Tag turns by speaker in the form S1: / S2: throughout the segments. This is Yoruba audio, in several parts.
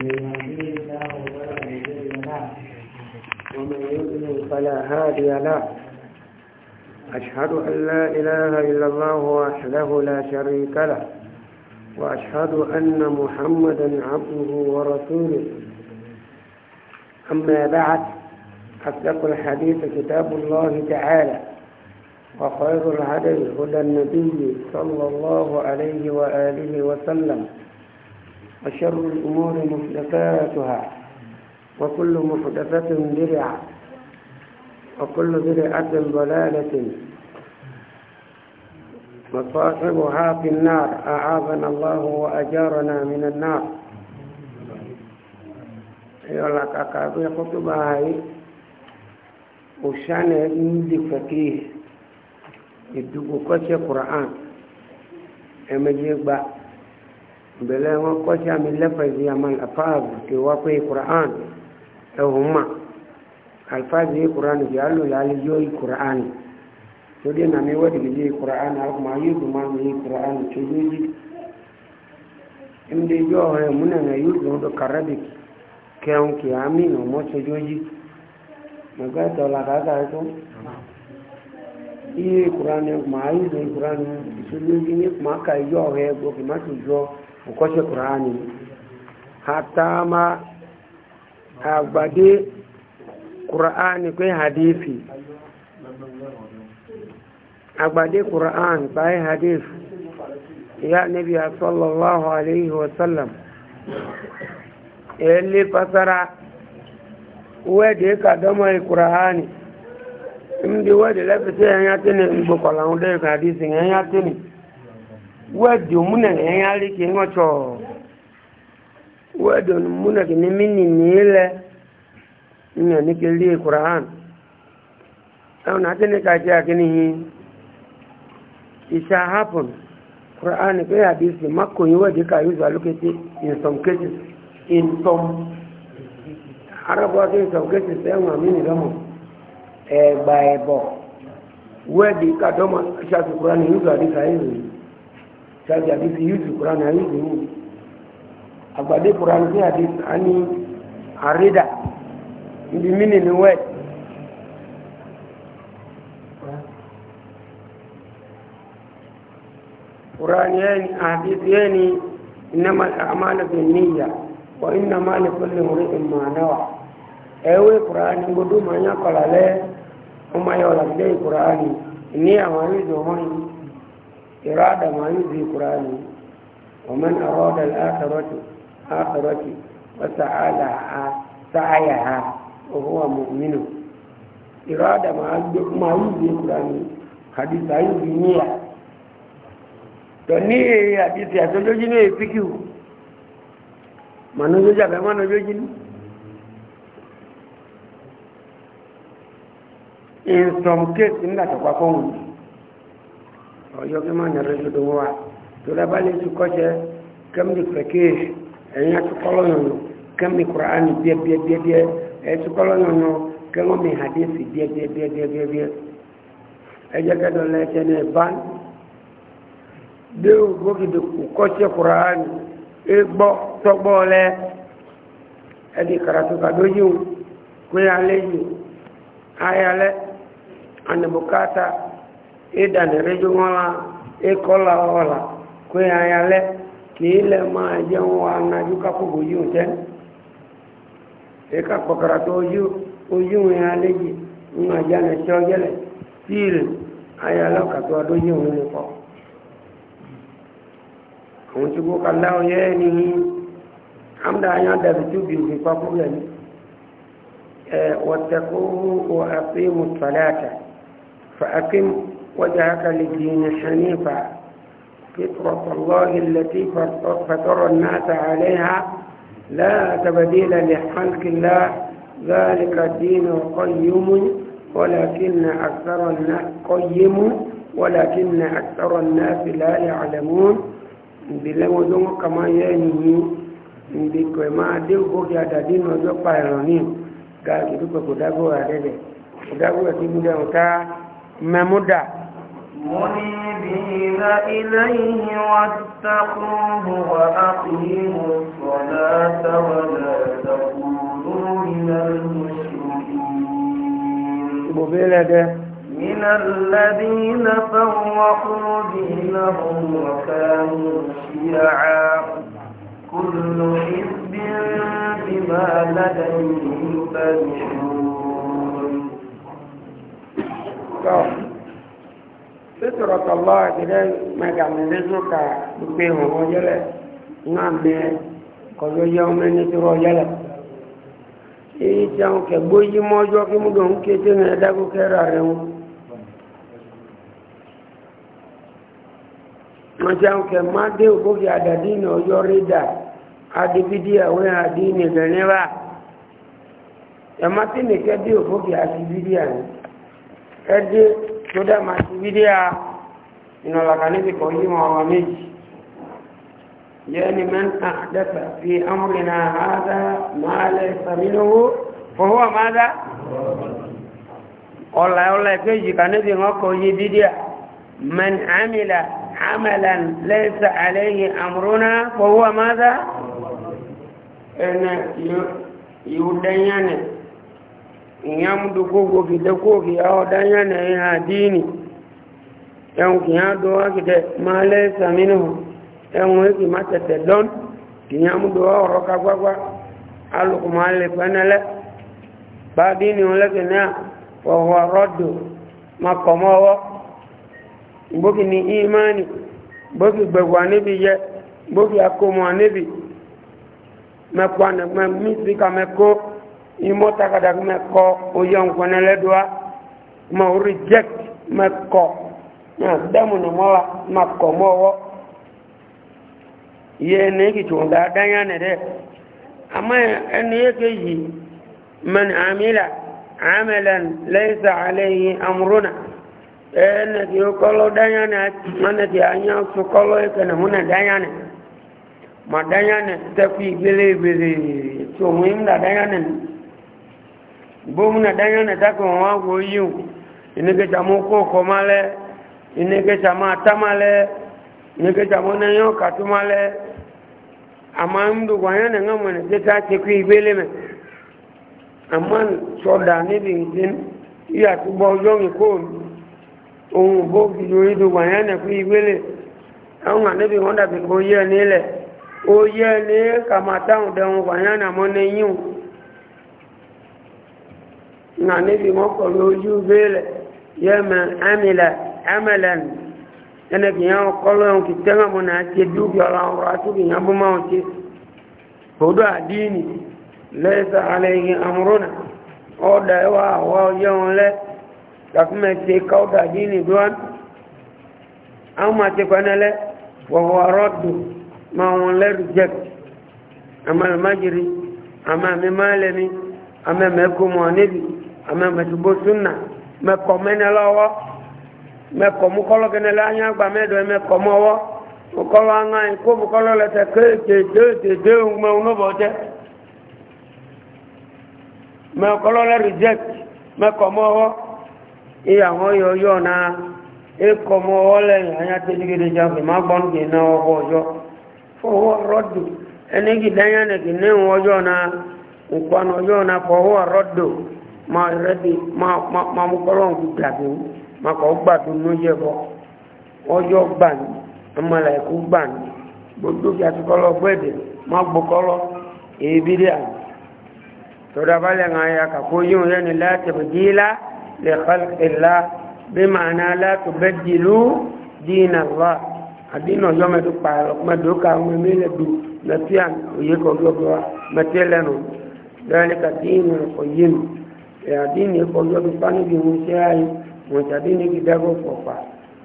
S1: من الله فلا له ومن يضلل فلا هادي له أشهد أن لا إله إلا الله وحده لا شريك له وأشهد أن محمدا عبده ورسوله أما بعد أصدق الحديث كتاب الله تعالى وخير الهدي هدى النبي صلى الله عليه وآله وسلم وشر الأمور محدثاتها وكل محدثة بدعة وكل بدعة ضلالة وصاحبها في النار أعاذنا الله وأجارنا من النار يقول لك أكابي خطبة هاي وشان يدي فكيه يدوكوكي قرآن أمجيب بقى bẹ̀lẹ̀ wọn kọ́sí àmì lẹ́fẹ̀ẹ́sì àmàn àfáàbù tí wá pé kùrán ẹ̀hùn mà alfáàbù yìí kùrán fi alùlá yóò yí kùrán tó dé nàmi wọ́dìgì yìí kùrán àkùmá yóò dùn máa yí kùrán tó yóò yí. ìmùdí yóò hẹ múnà nà yóò dùn tó kàrẹ́bì kẹun kì á mí nà mọ́ tó yóò yí. màgbà tó la kàkà tó yí kùrán àkùmá yóò dùn kùrán tó yóò yí ní kùmá kà yóò hẹ gbọ́ kì má tó yọ. ukose Qur'ani hata ma agbade Qur'ani kwe hadithi agbade Qur'an bai hadith ya nabi sallallahu alaihi wasallam ele pasara dị ka domo Qur'ani ndi wede lafite yan yatini ngbokola hunde ka hadisi yan yatini wẹ́ẹ̀dì òmúnẹ̀ ẹ̀yìn àríkì ń ọ̀tsọ̀ wẹ́ẹ̀dì òmúnẹ̀ kì ní mínì nílẹ̀ ní ẹ̀ní kì lé kùrán ẹ̀wọ̀n àti ní kàjẹ́ àkíní yìí ìṣá happen kùrán pé àdìsí mákòyìn wẹ́ẹ̀dì kà yóò zàlókété in some cases in some arábọ́ọ̀tì in some cases ẹ̀wọ̀n àmì nìdánmọ̀ ẹ̀gbà ẹ̀bọ̀ wẹ́ẹ̀dì kàdọ́mọ̀ ṣàtìkùrán yóò zàlókété sáájú àdísì yúùtù kúránì àríwí mú àgbàdé kúránì sí àdísì á ní àrídà ibi mínì ní wẹ́ẹ̀ kúránì àdísì yẹn ni ìnáma àmàlẹ̀ fi níyà wọ́n ìnáma lè fọ́lẹ̀ mọ́rí ìmọ̀ náà ẹ̀wẹ́ kúránì gbọdọ̀ máa ń yá kọ̀lá lẹ́ ọmọ yọ̀ làbílẹ̀ kúránì ní àwọn àrídì ọmọ yìí. إرادة ما يجزي قرآني ومن أراد الآخرة آخرة وسعى سعيها وهو مؤمن إرادة ما يجزي قرآني حديث يجزي نية تنيه حديث يسلوجي نيه فكيو منو جابه منو جوجي in some case nígbà tó pa fọ́ọ̀mù ọjọ́ kí máa nyàrá ìṣòdò wa tó dábà lè tún kọ́ṣẹ́ kẹ́mìlì pẹ̀kẹ́ẹ̀ṣ ẹ̀yìn àtúkọ́lọ́ yọ̀nà kẹ́mìlì kùránì bíẹ́bíẹ́bíẹ́ ẹ̀túkọ́lọ́ yọ̀nà kẹ́wọ́n mi hàdíìsì bíẹ́bíẹ́bíẹ́bíẹ́ ẹjẹ́ kẹ́dọ̀ lẹ́ẹ̀tẹ́ ní ìbán déwò gbókìdì kọ́ṣẹ́ kùránì égbọ́ tọ́gbọ́ lẹ́ ẹ̀dì kàràtù kàdójú kúnyà lẹ́yìn ayalẹ́ ànàbùkátà ìdànìrẹ́jọ́ wọn la ìkọlà ọ̀la kó yàrá lẹ kìí lẹ máa jẹ́ wọn anájú kákòkò yìí tẹ́ ìka kọ̀kọ̀rọ̀ tó ojú ojú wọn yàrá léjì ń àjẹ́ ànàṣẹ́ ọjẹ́lẹ̀ fíìlì ayàlọ́ kàtó ọdún yìí wọn lè pọ̀ àwọn tí kò kà láwọn yẹ́ ni hamda ayọ́ dàbí tó bìí òfin pápú yẹn wọ́n tẹ̀kọ́ wọ́n àfihàn mùtàlẹ́ àtà fàákìm وجهك للدين حنيفا فطرة الله التي فطر الناس عليها لا تبديل لخلق الله ذلك الدين قيم ولكن أكثر الناس قيم ولكن أكثر الناس لا يعلمون بلمدون كما ينهي بكما دين بوكي دين وزو بايرونين قال كدوكو كدابو أدده كدابو أتيمو دعوتا ممودا منيبين إليه واتقوه وأقيموا الصلاة ولا تكونوا من المشركين من الذين فوقوا دينهم وكانوا شيعا كل حزب بما لديهم فرحون sítọ̀rọ̀ tọ̀lọ́ ìdílé mẹgàmẹ́lẹ́sọ̀kà gbé ọmọ yẹlẹ̀ náà mẹ kọjọ yẹ ọmọ ẹni tó rọ yẹlẹ̀ èyí tí àwọn kẹgbó yí mọ́jọ́ kí mú dòun kété ní kẹ́rà wọn. wọ́n ti àwọn dé òkókè ọjọ́ rédà àwọn ẹ̀má tí nìkẹ́ dé òkókè àti kí ó dẹ̀ máa ti fídíà ìnàlàkà níbi kan yí wọn ọ̀rọ̀ méjì yẹ́ni mẹ́ta àdẹ́fẹ̀ fi amúrinà àádá máa lẹ́ ìsàmínówó fọwọ́ àmáadá ọ̀là ọ̀là ìkéjì kan níbi wọn kọ yí fídíà mẹ́n àmìlà عملا ليس عليه أمرنا فهو ماذا؟ إن يدين ìyàmùdù kókò kìtẹ́ kókì ọ̀dáyà nà ẹ̀yà àdínì ẹ̀hùn kì á dọ́wà kìtẹ́ máa lẹ́ẹ̀sà nínú ẹ̀hùn èkì má tẹ̀tẹ̀ dọ́n ìyàmùdù ọ̀rọ̀ kagbágbá alùkùnmọ́ alẹ́ pẹ́nẹ́lẹ́ bá dínì ọlẹ́kẹ̀ náà wọ̀wọ̀ ni imani kọ̀mọ́wọ́ bókì ní ìmáàni bókì gbẹ̀gbà níbi yẹ bókì akómọ níbi mẹ́kọ́ imo takada me ko o yon ko ne le doa ma reject me ko na damu no mola ma ko mowo ye ne ki chunda danya ne de ama en ye ke yi man amila amalan laysa alayhi amruna en ki o kolo danya ne man ki anya su kolo e kana huna danya ne ma danya ne tafi bele bele to muhim da danya ne bomuna na tako wangu yu ineke chamo ko komale ineke chama tamale ineke chamo na yo katumale ama mdu kwa yana ngamo na jeta ka ku ibele me aman soda ni bi tin ka tu bo yo ni ko ohun bo ki yo idu kwa yana ku ibele ko o ye ni na níbi wọn kọ̀ lójú bẹ́ẹ̀lẹ̀ yẹ́mẹ amílẹ̀ amẹ́lẹ̀n ẹnẹ kì yẹn kọ́lọ́ ẹ̀hún kì tẹ́wọ̀n mọ́ náà ti dúkìá ọ̀rọ̀ ọ̀rọ̀ àti kì yẹn bó máa ti kódó àdínì lẹ́sà alẹ́yìn amúrúnà ọ̀dà ẹwà àwọ̀ yẹun lẹ́ kàfúmẹ̀tì kọ́dà àdínì dúwọ́n àwọn máa ti pẹ́nẹ́lẹ́ wọ̀wọ̀ rọ́dù máa wọn lẹ́rù jẹ́k àmàlùmájiri àmàmì amemetubo sunna mekɔ mɛ ne lɛ ɔwɔ mekɔ mu kɔlɔ kene lɛ anya gba mɛ do yɛ mekɔ mu ɔwɔ mu kɔlɔ aŋa yi kó mu kɔlɔ lɛ tɛ ké dé dé dé dé ŋumɛ wu n'obɔ tɛ mɛ kɔlɔ lɛ reject mekɔ mu ɔwɔ eya ŋɔ yɔ yɔ na ekɔ mu ɔwɔ lɛ anya tɛ digi de dza fi ma gbɔ nu ke na ɔwɔ yɔ fɔ ɔwɔ rɔdu ɛnɛ gi danya ne ke ne ŋɔ yɔ na nkpɔnɔ yɔ na fɔ ɔwɔ rɔdu. máa rẹ́dí máa mú kọ́lọ́n kú gbàgbé máa kọ́ gbàdún ní yẹ bọ́ ọjọ́ gbà ní ọmọlẹ̀ kú gbà ní gbogbo kí a ti kọ́lọ́ gbẹ̀dẹ̀ máa gbó kọ́lọ́ èébí dẹ́ àná tọ́dọ̀ abalẹ̀ ń ayé àkàkọ́ yóò yẹn ni láti bìdí lá lè xalqilá bí màánà láti bẹ́ dìlú dínà lọ́wọ́ àdínà ọjọ́ mẹ́tò pààlọ́ mẹ́tò ká àwọn ẹ̀mẹ́lẹ̀ du mẹ́tíà òye kọ̀ọ̀kọ̀ wa mẹ́tíẹ̀lẹ́nu lẹ́yìn kàdínà ọ̀yẹ́nu ẹ̀yàdínì kọjọ́ bí pánibí mú sí ayé mọ̀tàdínì kí dágọ́ pọ̀pá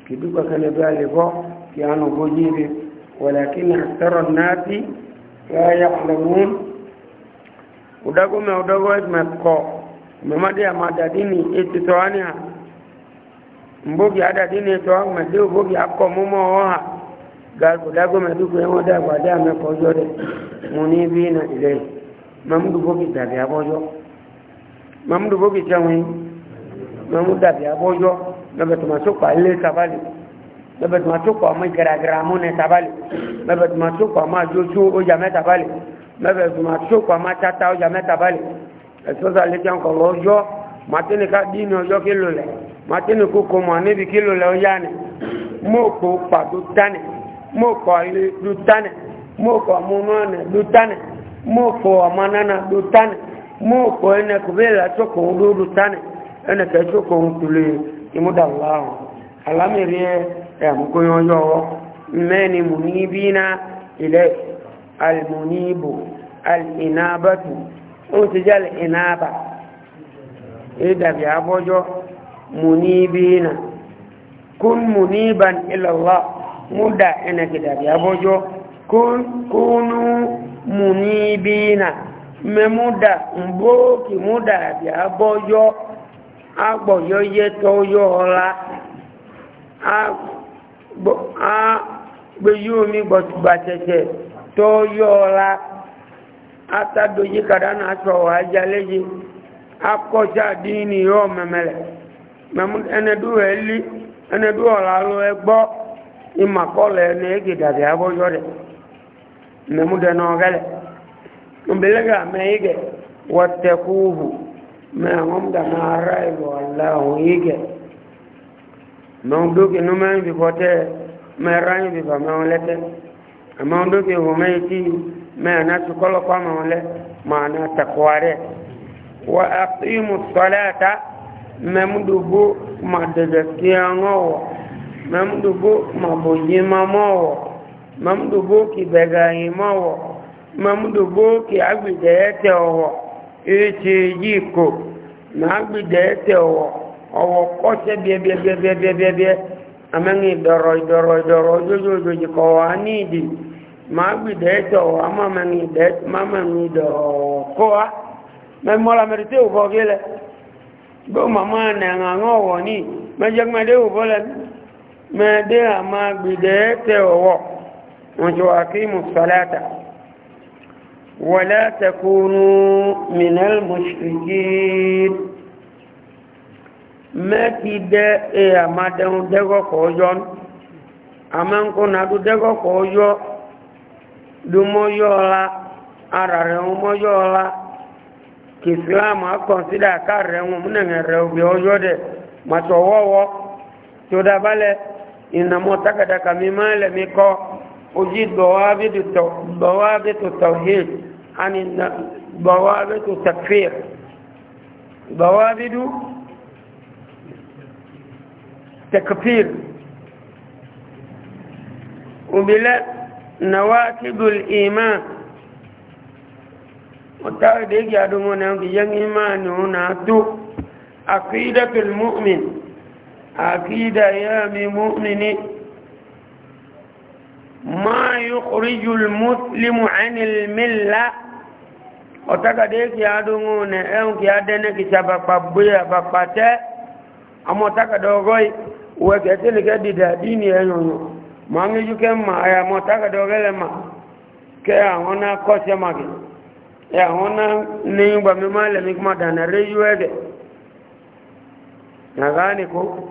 S1: kì dúkọ̀ kẹlẹ̀ bí a lè bọ́ kí a nù bójú rẹ̀ wọ̀làkí ní àtẹ́rọ̀ náà tí yáyà lẹ́mún ọ̀dágọ́mẹ́ ọ̀dọ́gọ́ ẹ̀sìn kọ mọ̀mọ́dé àmàdàdínì ètò tọ́wání à mbógi àdàdínì ètò àmàdé òbógi akọ mọ́mọ́ ọ̀hà gàgọ́dágọ́mẹ́ dúkọ̀ ẹ̀wọ̀n dàgbàdé àmẹ́kọ̀ọ́jọ́ rẹ̀ mú mamudu bó kìí jẹun mamudu dàbí abọ́jọ́ lọ́bẹ̀ tó ma tó pa ilé tabali lọ́bẹ̀ tó ma tó pa ọmọ gẹ̀rẹ́gẹ̀rẹ́ amúnẹ tabali sabali. tó ma tó pa ọmọ àjọjú ọjà mẹ́ta bali lọ́bẹ̀ tó ma tó pa ọmọ tata ọjà mẹ́ta bali ẹ̀sọ́sọ́ alẹ́ jẹun kọ̀ lọ́jọ́ màtínì ká dín ní ọjọ́ kílò lẹ̀ màtínì kókó mọ̀ níbi kílò lẹ̀ ọjà ni mọ́ọ̀kọ́ pàdó tánì mọ́ọ̀kọ́ ilé dútánì mọ́ọ̀kọ́ ọmọ náà dútánì mọ́ọ̀kọ́ ọmọ náà dútánì mo ko ene ko be la to ko do do tane ene ke to ko tule imuda allah alami rie e mo ko yo yo meni munibina ile al munibu al inabatu o ti jal inaba e da bi munibina kun muniban ila allah muda ene ke da bi kun kunu munibina mẹ́múdà mbóòkì múdà àbí abọ́yọ́ agbọ̀yọ́ yẹtọ́ yọ́ ọlá agbèyí omi gbọ̀tùgbàtẹ̀tẹ̀ tọ́ ọlá atadoyi kadana aṣọ ọ̀hájá léyé akọ́ṣà dínì yọ́ mẹ́mẹ́lẹ̀ ẹnẹdú ẹ̀ lí ẹnẹdú ọ̀la lọ ẹ gbọ́ ìmàkọ́lẹ̀ ẹni ẹ̀gẹ̀dàbí abọ́yọ́ rẹ̀ mẹ́múdà náà gẹ́lẹ̀ mbeleka ameige watakuhu meangomda maaraibu allahu ige maunduki numayi bipotee meranyi bipa maolete maunduki humeiti meanatu kolo kwa maole maana takware wa aqimu salata memdubu madedeskiangowo memdubu mabujimamowo memdubu kibegaimowo mamudu boki agbede ete ọwọ ete yiko na agbede ete ọwọ ọwọ kọsẹ bẹbẹbẹbẹbẹbẹ amẹni dọrọ dọrọ dọrọ ojojojoji kọ wa níìdì ma agbede ete ọwọ amamẹni dẹ mamẹni dọrọ kọ wa mẹmọla mẹrìtẹ òbọ gẹlẹ bó mama nàngà ń ọwọ ní mẹjẹgbẹdẹ òbọ lẹ mẹdẹ àmà agbede ete ọwọ wọn ti wà kí ولا تكونوا من المشركين ما كده يا ما دون دغو كوجون aman ko na du dego ko yo du mo yo la ara re mo yo la ki islam a consider ka re mo mun ne re o yo yo de ma to wo wo to da bale inna mo takada kamimale mi ko وجي ضوابط ضوابط التوحيد عن ضوابط التكفير ضوابط تكفير وبلا نواكب الإيمان وتعديك يا دمونا في جن إيمان هنا عقيدة المؤمن عقيدة يا مؤمنين ma yukhriju almuslimu an almilla otaka de ki adungu ne en ki adene ki chaba pabuya bapate amo taka dogoi we ke tini ke dida dini enyo ma ngi juke ma ya mo taka dogele ma ke awona kose magi ya awona ni ba mi male mi kuma dana rejuwe ke nagani ko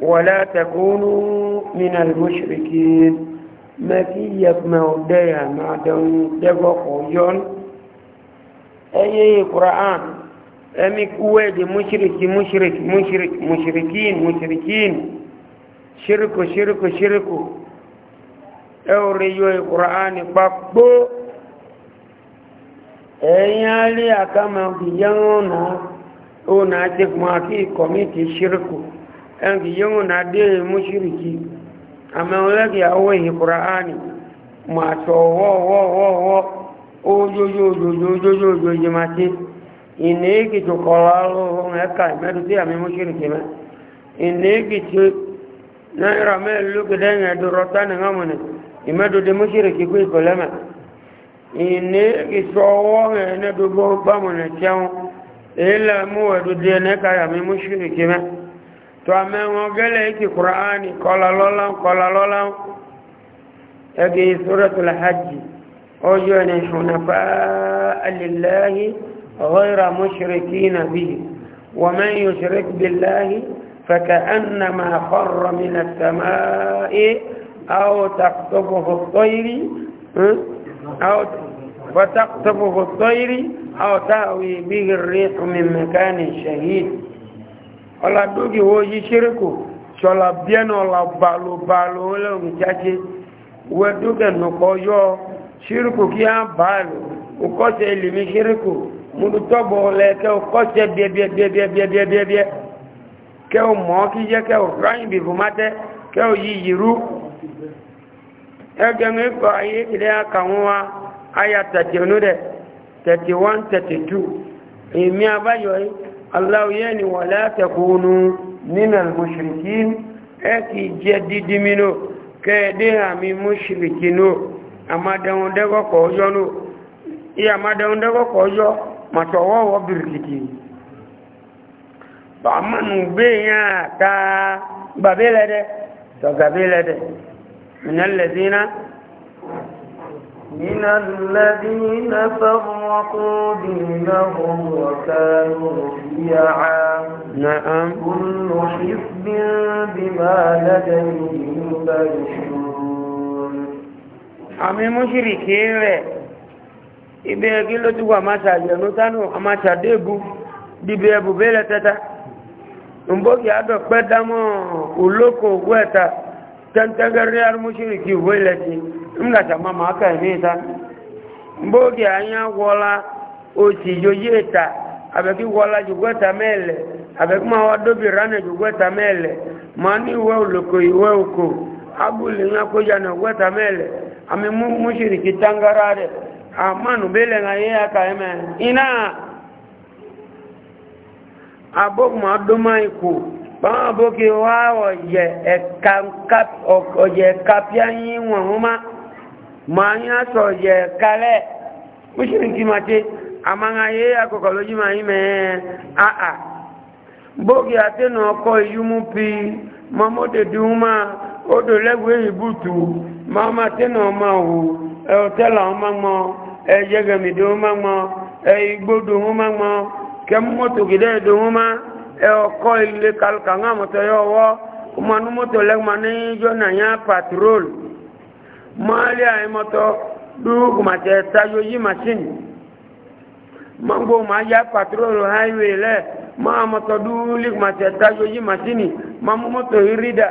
S1: wala takunu min almushrikin mẹ́kí yẹpmẹ́ ọdẹ́yà náà dẹ̀hún dẹ́gbọ́kọ̀ yọ́n ẹyẹ ìkùrán ẹmí kúwẹ́ di múṣirikí múṣirikí múṣirikí múṣirikín múṣirikín ṣíríkù ṣíríkù ṣíríkù ẹwùrí yọ ìkùrán pàpó ẹ̀yìn alẹ́ àkàmà òdìyàn ameweleki awe hi qur'ani macho wo wo wo wo ojojojojojojo jimati ineki tukolalo ngeka meduti ame mushriki me ineki tu naira me luke denga durotane ngamune imedu de mushriki ku ikolema ineki sowo ne dubo bamune chao ila muwe du de ne kaya me mushriki me to amẹ́wọn gẹ́lẹ̀ ikì kùránì kọlalọ́láun kọlalọ́láun ẹgbẹ́ suratul hajj ọjọ́ ni ṣùnàfà alìláhì ọ̀họ́ra mọ́ṣirikí na bí wà mẹ́yìn yóṣirik bíláhì fẹ̀kẹ́ ẹnna máa kọ́rọ̀ mi na sàmáì áwọ̀ tàkùtọ̀bọ̀ tọ́yìrì فتقطفه الطير أو تهوي به الريح من مكان شهيد ọla dókì wo yí ṣíríkù ṣọ̀la bíẹ́nà ọ̀la balobalo lẹ́hùn jáde wẹ́ dókè nùkọ́ yọ ṣíríkù kí á bàálù òkọ́ṣẹ́ ìlìmí ṣíríkù múlù tọ́bọ̀ lẹ́kẹ́ òkọ́ṣẹ́ bíẹ́bíẹ́bíẹ́bíẹ́bíẹ́ aya 31 32 aláwọ̀ yẹn ni wà látẹ̀kùnú nínú mùsùlùkì ẹ kì í jẹ́ dídí mi nù kẹ́ẹ̀dé àmì mùsùlùkì nù àmàdẹ̀hùn dẹ́kọ̀kọ̀ ọjọ́ nù ìyá àmàdẹ̀hùn dẹ́kọ̀kọ̀ ọjọ́ màtọ̀wọ́wọ́ bìrìkìtì bàmánu gbé yẹn àtà gbàbélẹ́dẹ́ tọ̀gàbélẹ́dẹ́ ìnálẹ̀dínà من الذين فرقوا دينهم وكانوا شيعا نعم كل حزب بما لديهم فرحون àmì mọ́ṣíríkì rẹ̀ ibi ẹgbẹ́ ló túgbà máa ṣàyẹ̀nú tánù àmà ṣàdébù bíbi ẹbù bẹ́lẹ̀ tẹ́ta ǹbókì àdọ̀pẹ́ dámọ́ òlókò ògbó ẹ̀ta tẹ́ntẹ́gẹ́rẹ́ mọ́ṣíríkì ìwé ilẹ̀ ńlàtà máa máa kà ní ìta mbóògì àyà wọlá òsì yóyé ìta àbẹ̀kí wọlá jùgbọ́ta mẹ́lẹ̀ àbẹ̀kí máa wá dóbi ránà jùgbọ́ta mẹ́lẹ̀ máa ní ìwẹ́ òlòkò ìwẹ́ òkò abúlé ńlá kójà nà jùgbọ́ta mẹ́lẹ̀ àmì na tángárá rẹ̀ àmánu bẹ́lẹ̀ ńlá yé àkà ẹ̀mẹ́ iná abókùnmá dómá ikú báwọn abókè wá ọ̀yẹ̀ ẹ̀ka ọ̀yẹ̀ ẹ̀ka píá yín wọ̀n ma ń yàtọ̀ yẹ kalẹ̀ ó ṣe ní kí máa ṣe àmáhayé àkọ́kọ́ lójú máa ń mẹ́ àà bóògì àtẹnu ọkọ̀ ìyúmú pi mọ́mọ́dédún máa ó dò ma ìbùtù máa máa tẹ́nu ọmọ ma ọmọ mọ́ ọma ọmọ mọ́ ọmọ mọ́ kẹ́mọ́tò ọkọ patrol maali ayi mɔtɔ duuku ma tɛ tayo yi machine mango ma ya patrol highway lɛ maa mɔtɔ duuli ma tɛ tayo yi machine ma mɔtɔ yiri da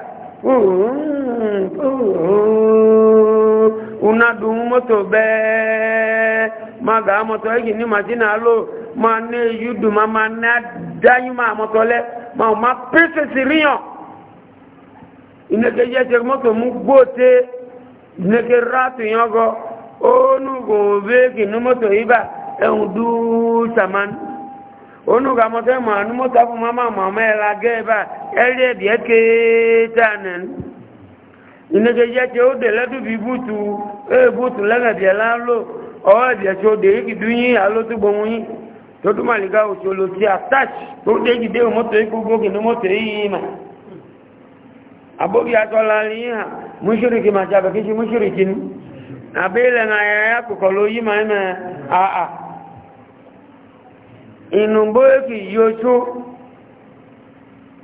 S1: una dun mɔtɔ bɛɛ ma gaa mɔtɔ egi ni machine alo ma ne yu ma na dayi ma mɔtɔ lɛ ma ma pese siri yɔ ineke yɛ tɛ mɔtɔ mu neke ratu yogo onu go beki numoto iba ehun du saman onu ga mo te ma numoto afu mama mama ela ge ba ere bi eke tanen ineke je te o de ledu bi butu e butu lena bi la lo o e bi so de ki duyin alo tu bo yin to tu malika o so lo ti attach to de ki de moto iku go ki numoto yi ma abogi atola ni ha mushiriki ma ṣe àbẹ̀kí ṣe mushiriki ní na ayẹyẹ kòkò ló yí máa a àà ìnùgbó èkì yóò tó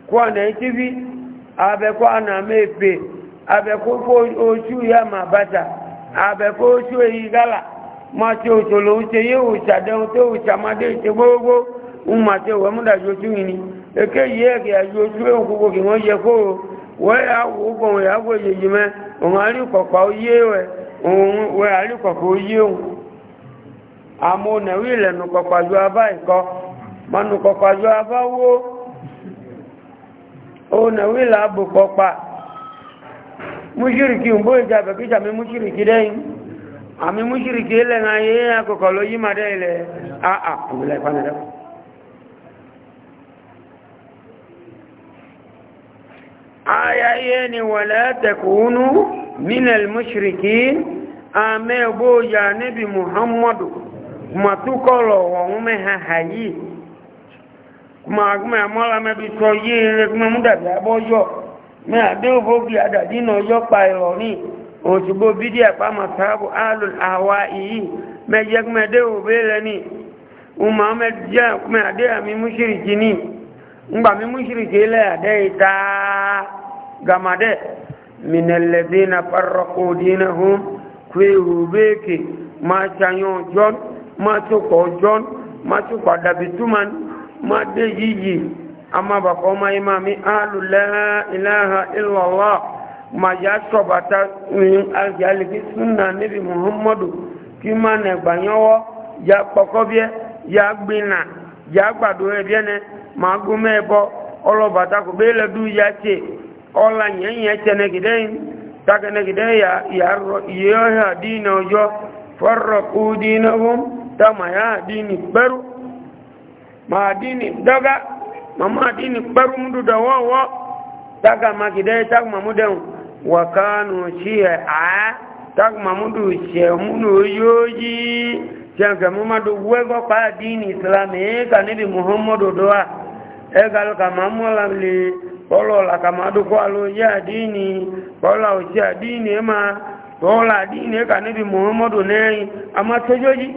S1: kọ́ ọ̀nà ìtíbí abẹ́kọ́ ọ̀nà mẹ́ẹ̀pẹ̀ abẹ́kọ́ ya ma abe ko oṣù èyí gálà ma ṣe òṣòlò ń ṣe yé òṣà dẹun tó òṣà má dé gbogbo ma ni wee agwụ ụgwọ nwe ya agwụ ejiji mee ụgharịkọkpa oyie we wee harịkọkpa oyie onwe àmú nẹ̀wí ìlẹ̀nù pọ̀pàjú abá ìkọ́ mọ́nù pọ̀pàjú aba wó o ilẹ̀ ayé àkọ́kọ́ ló aya ihe ni wala takunu minal mushrikin ame boya nabi muhammadu matukolo wa ume ha hayi kuma agme amola me bi so ye re kuma muda bi abojo me ade obo bi ada di no yo pa ilo ni osugbo bidia pa masabu alul ahwa'i me yegme de obele ni umma me ja kuma ade ami mushrikini ngba mi mushrike ile adai ta gamade min alladhina farraqu dinahum kwehu beke ma chanyo jon ma choko jon ma choko dabituman ma de yiji amma ba ko ma imami ahlu la ilaha illa allah ma ya sobata min aljaliki sunna nabi muhammadu kima ne gbanyowo ya pokobie ya gbina ya gbado ebiene ma gume bo olo bata ko bele du ya ce ola nyenye ce ne giden ta ya ya yo ha dino yo farqu dinahum tama ya dini baru ma dini daga mama dini baru mundu da wo wo daga ma giden ta ma muden wa kanu shi'a e ta ma mundu she munu yoji jangamu madu wego pa dini islamika nabi muhammadu doa ẹgbàlù kàmà mọ́lá lè ọlọ́ọ̀lá kàmà dúkọ́ alóyé àdínì ọlá òsì àdínì ẹmà ọlá àdínì ẹkà níbi muhammadu nẹ́yìn amátẹ́jọ́jí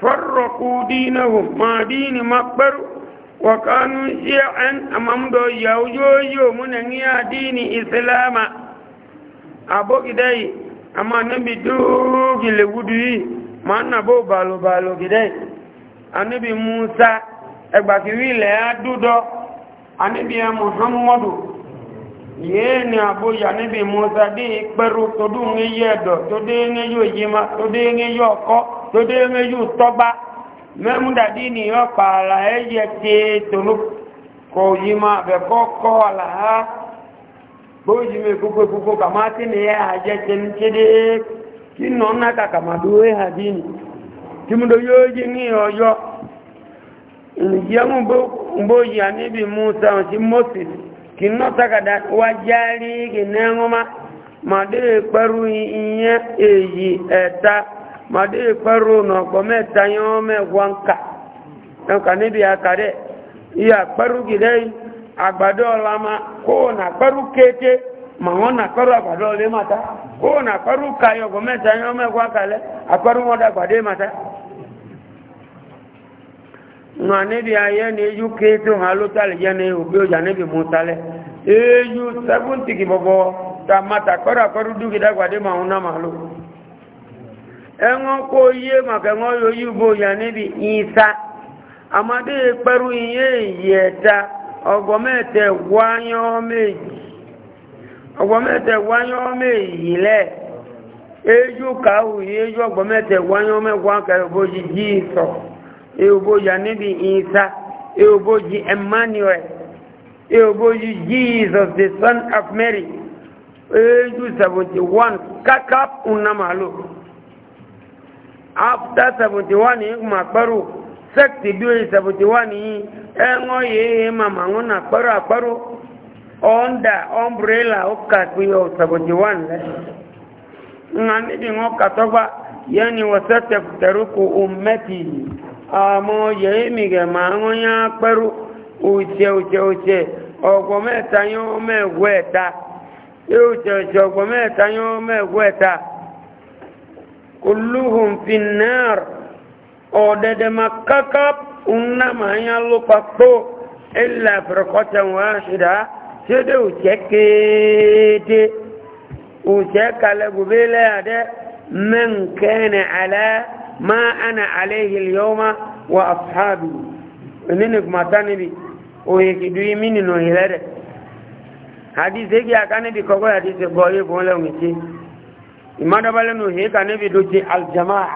S1: fọ́rọ̀kú dínàwó máa dínì má pẹ́rù wọ̀kánú sí ẹn àmàmdọ̀ yàwó yóò múnẹ̀ ní àdínì ìsìlámà abókidẹ́yì àmà musa ẹgbàkiri ilẹ̀ adúdọ́ anibia muhammadu yìí ni àbóyà níbi musa dí pẹ̀rù tó dùn ní yẹ́ẹ̀dọ̀ tó dé ní yóò yíma tó dé ní yóò kọ́ tó dé ní yóò tọ́gbá mẹ́múdàdí ni yóò pa àlà ẹ̀yẹ tí tòlú kò yíma bẹ̀kọ́ kọ́ àlà á bóyí mi kúkú kúkú kàmá tí ni ẹ̀ àjẹ́ tí ní tí dé kí nọ́ọ́nà kàkàmàdó ẹ̀ àdínì kí mú do yóò yí ní ọjọ́ ìjẹun gbóyì àníbì musa àti moses kì ń nọ́tàkàdá wá járí kìnnà ẹ̀rọ́má màdé ìpẹ́rù ìyẹn èyí ẹ̀ta màdé ìpẹ́rù ọ̀nàpọ̀ mẹ́ta yẹn wọ́n mẹ́wàá ń kà ẹ̀ka níbi àkàdẹ́ ìyà pẹ́rù kìdẹ́ àgbàdo ọ̀làmà kó nà pẹ́rù kété mà wọ́n nà pẹ́rù àgbàdo ọ̀lẹ́ màtá kó nà pẹ́rù kayọ̀gọ̀ nù àníbi ayé ni ejú kéétó ha ló tà lè jẹ́ ní òbí òjà níbi mú talẹ̀ ejú sẹ́fúntì kì bọ̀bọ̀ ta mata kọ́dà kọ́dù dúkì dàgbàdé mà ń ná mà lò ẹ̀wọ̀n kó yé màkà ẹ̀wọ̀n yóò yí níbi eju eju sọ eoboji anabi isa eoboji emmanuel eoboji jesus the son of mary eju one kakap unamalo after 71 yìí kuma kparo sect bi oye one yìí ẹ̀wọ̀n yìí mama ń na kparo àkparo ọ̀ndà umbrella ó kà pé ọ 71 lẹ nga níbi ń kà tọ́gbà yẹn ni wọ́n sẹ́tẹ̀ tẹ̀rù kò ọmọ àmọ́ yẹ̀yẹ́ mìgẹ̀ máa ń yá pẹ́rú òjẹ́ òjẹ́ òjẹ́ ọ̀pọ̀ mẹ́ta yóò mẹ́wọ́ ẹ̀ta òjẹ́ òjẹ́ ọ̀pọ̀ mẹ́ta yóò mẹ́wọ́ ẹ̀ta kùlùhùn finnar ọ̀dẹ̀dẹ̀ ma kákà ńnà máa yá ló papò ilẹ̀ àfẹ́rẹ́kọ́tẹ̀ wọn àṣìdá tí ó dé òjẹ́ kéde òjẹ́ kalẹ̀ gòbélẹ̀ àdẹ́ mẹ́ǹkẹ́ni alẹ́ ma ana alayhi al-yawma wa ashabi nene kumatani bi o yeki duyi mini no hilere hadith egi akane bi kogo hadith boye bole ngiti imada bale no he kane bi duti al-jamaa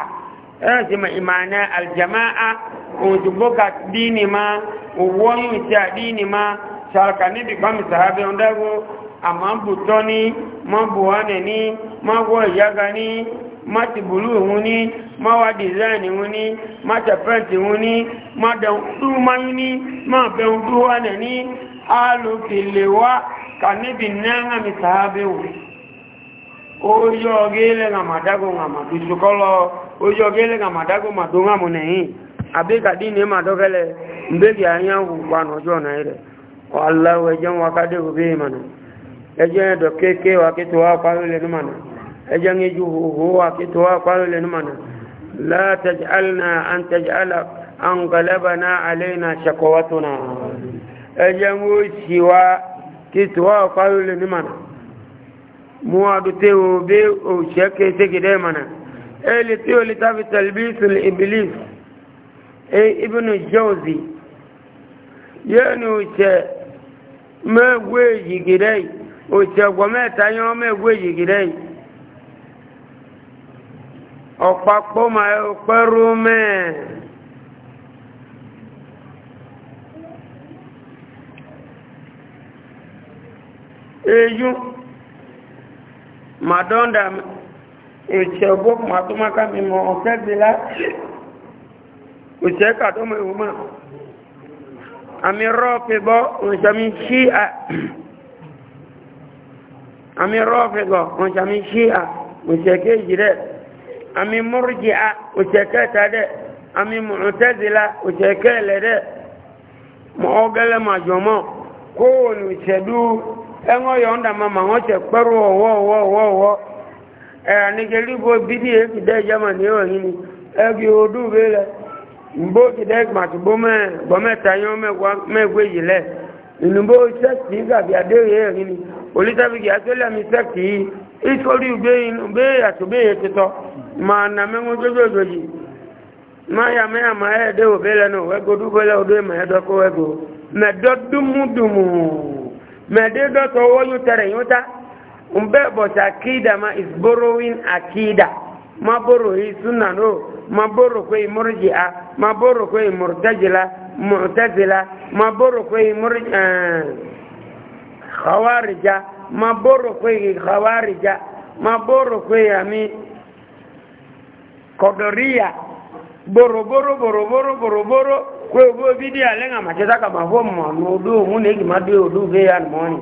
S1: eh sima imana al-jamaa o juboka dini ma o wonu ti adini ma sharaka ni bi bami ondago amambu toni mambu wane má ti bùlú òun ní má wá dìzáìnì òun ní má tẹ̀pẹ́ǹtì òun ní má dẹ̀hùndú máyú ní má bẹ̀hùndú wà nẹ̀ ní alùkèlè wá kà níbi náà mi sàábẹ̀wò ojú ọgẹ́lẹ̀ àmàdágò àmàdùsùkọ́lọ ojú ọgẹ́lẹ̀ àmàdágò màdùnmàmù nẹ̀yìn àbíkàdí ní màdọ́kẹ́lẹ̀ mbẹ́gì le, wà nọjọ́ náà rẹ̀ ọ̀làwọ̀ ẹjẹ́ wọn kádé òbí ìmọ̀nà ẹjẹ́ ẹ̀dọ̀ kéèkéè wà kí tó أجن هو كتوا قالوا لنمنا لا تجعلنا أن تجعل أنقلبنا علينا شقوتنا أجن سوى كتوا قالوا لنمنا مواضته بأوشكي تكدامنا اللي تيو لتافي تلبيس الإبليس أي ابن الجوزي يعني وشه ما يقوي جيكي داي وشه قمت أيوم ما يقوي جيكي داي ọ̀pápọ̀ ma ẹ pẹ́rú mẹ́ẹ̀ eyú madonda ìṣẹ́gbó màtúmáká mi mọ̀ ọ̀fẹ́ gbìlá òṣẹ́ kàtọ́mọ̀ ìwọ̀mọ̀ àmì rọ́ọ̀fẹ́ bọ́ òṣàmì ṣíà àmì rọ́ọ̀fẹ́ bọ́ òṣàmì ṣíà òṣẹ́ kéjì rẹ̀ ami murji'a ucheke tade ami mu'tazila ucheke lede moogele majomo kuni uchedu eng'o yonda mama ngoche kperu wo wo wo wo e anigeli go bidi e bidai jamani yo hini e bi odu bele mbo kide mati bome bome tanyo me kwa me kwe yile inumbo uchesi inga biadeo ye hini ulita bigi asole amisaki hii ìtòrí ìgbé inú gbé àtògbé ètòtọ́ ma nà mẹ́wọ́n jójójò yìí ma yà mẹ́yà ma ẹ̀ dé òbí lẹ́nu wẹ́gòdú bẹ́lẹ̀ odó ìmọ̀ ẹ̀dọ́ kó wẹ́gò mẹ́dọ́ dúmúdùmù mẹ́dẹ́dọ́tọ̀ wọ́yún tẹ̀rẹ̀ yún ta ń bẹ́ bọ̀tà akida ma is borrowing akídà ma boro yìí súnà náà ma boro kó ìmọ̀rìjì a ma boro kó ìmọ̀rìtẹ́jìlá mọ̀tẹ́jìlá ma boro kó ìmọ̀rìjì maboro kwenye khawarija maboro kwenye ami kodoria boroboro boroboro boroboro kwe bo bidi alenga macheza kama homo nudu mune ki madu udu be an moni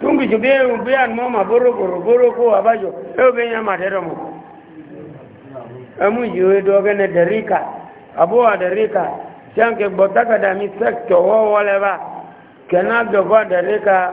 S1: tungi jube e ube an mama boro boroboro ko abajo eo be nya matero mo amu e jiwe doge ne derika abo wa derika chanke botaka da mi sector wo wale ba kenago ba derika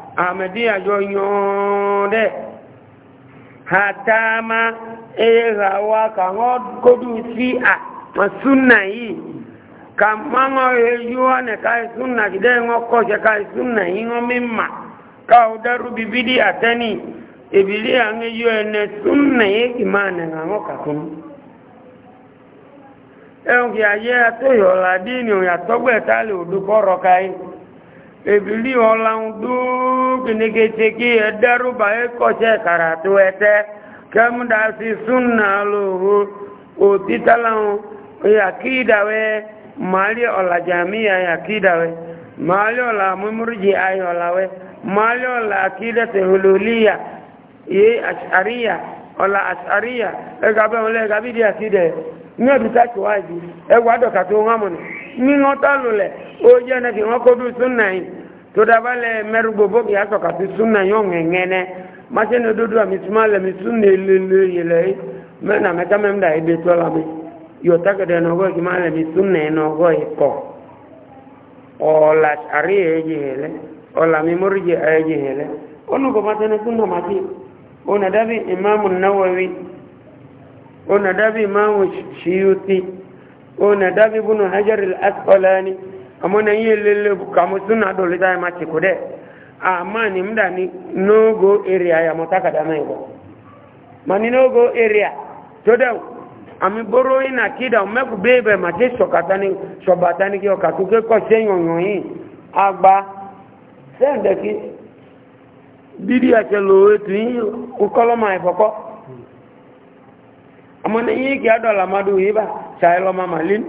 S1: àmẹ́dí àjọ yàn dẹ̀ àtàmà ẹ̀rà wa kàwọn kódù sí àmàsúnà yìí ka mmanwọ eyi wane ka sunna gide ngọ kọsẹ ka sunna yi ngọ mimma ka o daru bibidi atani ebili ange yi ene sunna ye imane nga ngọ kakun ẹn kì ayé ató yọ̀ọ̀la dín ní òyàtọ́gbẹ̀ta lè odò kọ́rọ̀ káyé. ebili ọla duk nike ẹdẹrúbà ẹkọṣẹ kàràtó ẹtẹ kẹmúdàsí súnà lòhó ọla yàkídàwẹ màálí ọ̀là yàkídàwẹ màálí ọ̀là mímúrújì ayọ̀làwẹ màálí ọ̀là akídẹ̀tẹ̀ olólíyà yé àṣàríyà ọ̀là àṣàríyà ẹgbàbẹ́ wọn lẹ́gbàbídìí àkídẹ̀ ní ọdún tákìwájú ẹgbàdọ̀kà tó ونادى به إمام النووي ونادى به إمام الشيوطي ona dabi bunu hajar al asqalani amona yelele kamu sunna do lita ma ti kode amani mdani nogo area ya motaka da mego mani nogo area todo ami boro ina kida meku bebe ma ti sokatani sobatani ki okatu ke ko se yonyoni agba sendeki didi akelo etin ukolo mai boko ọmọ ní yí kí á dọ̀là máa dùn yí bá ṣàì lọ máa màá lín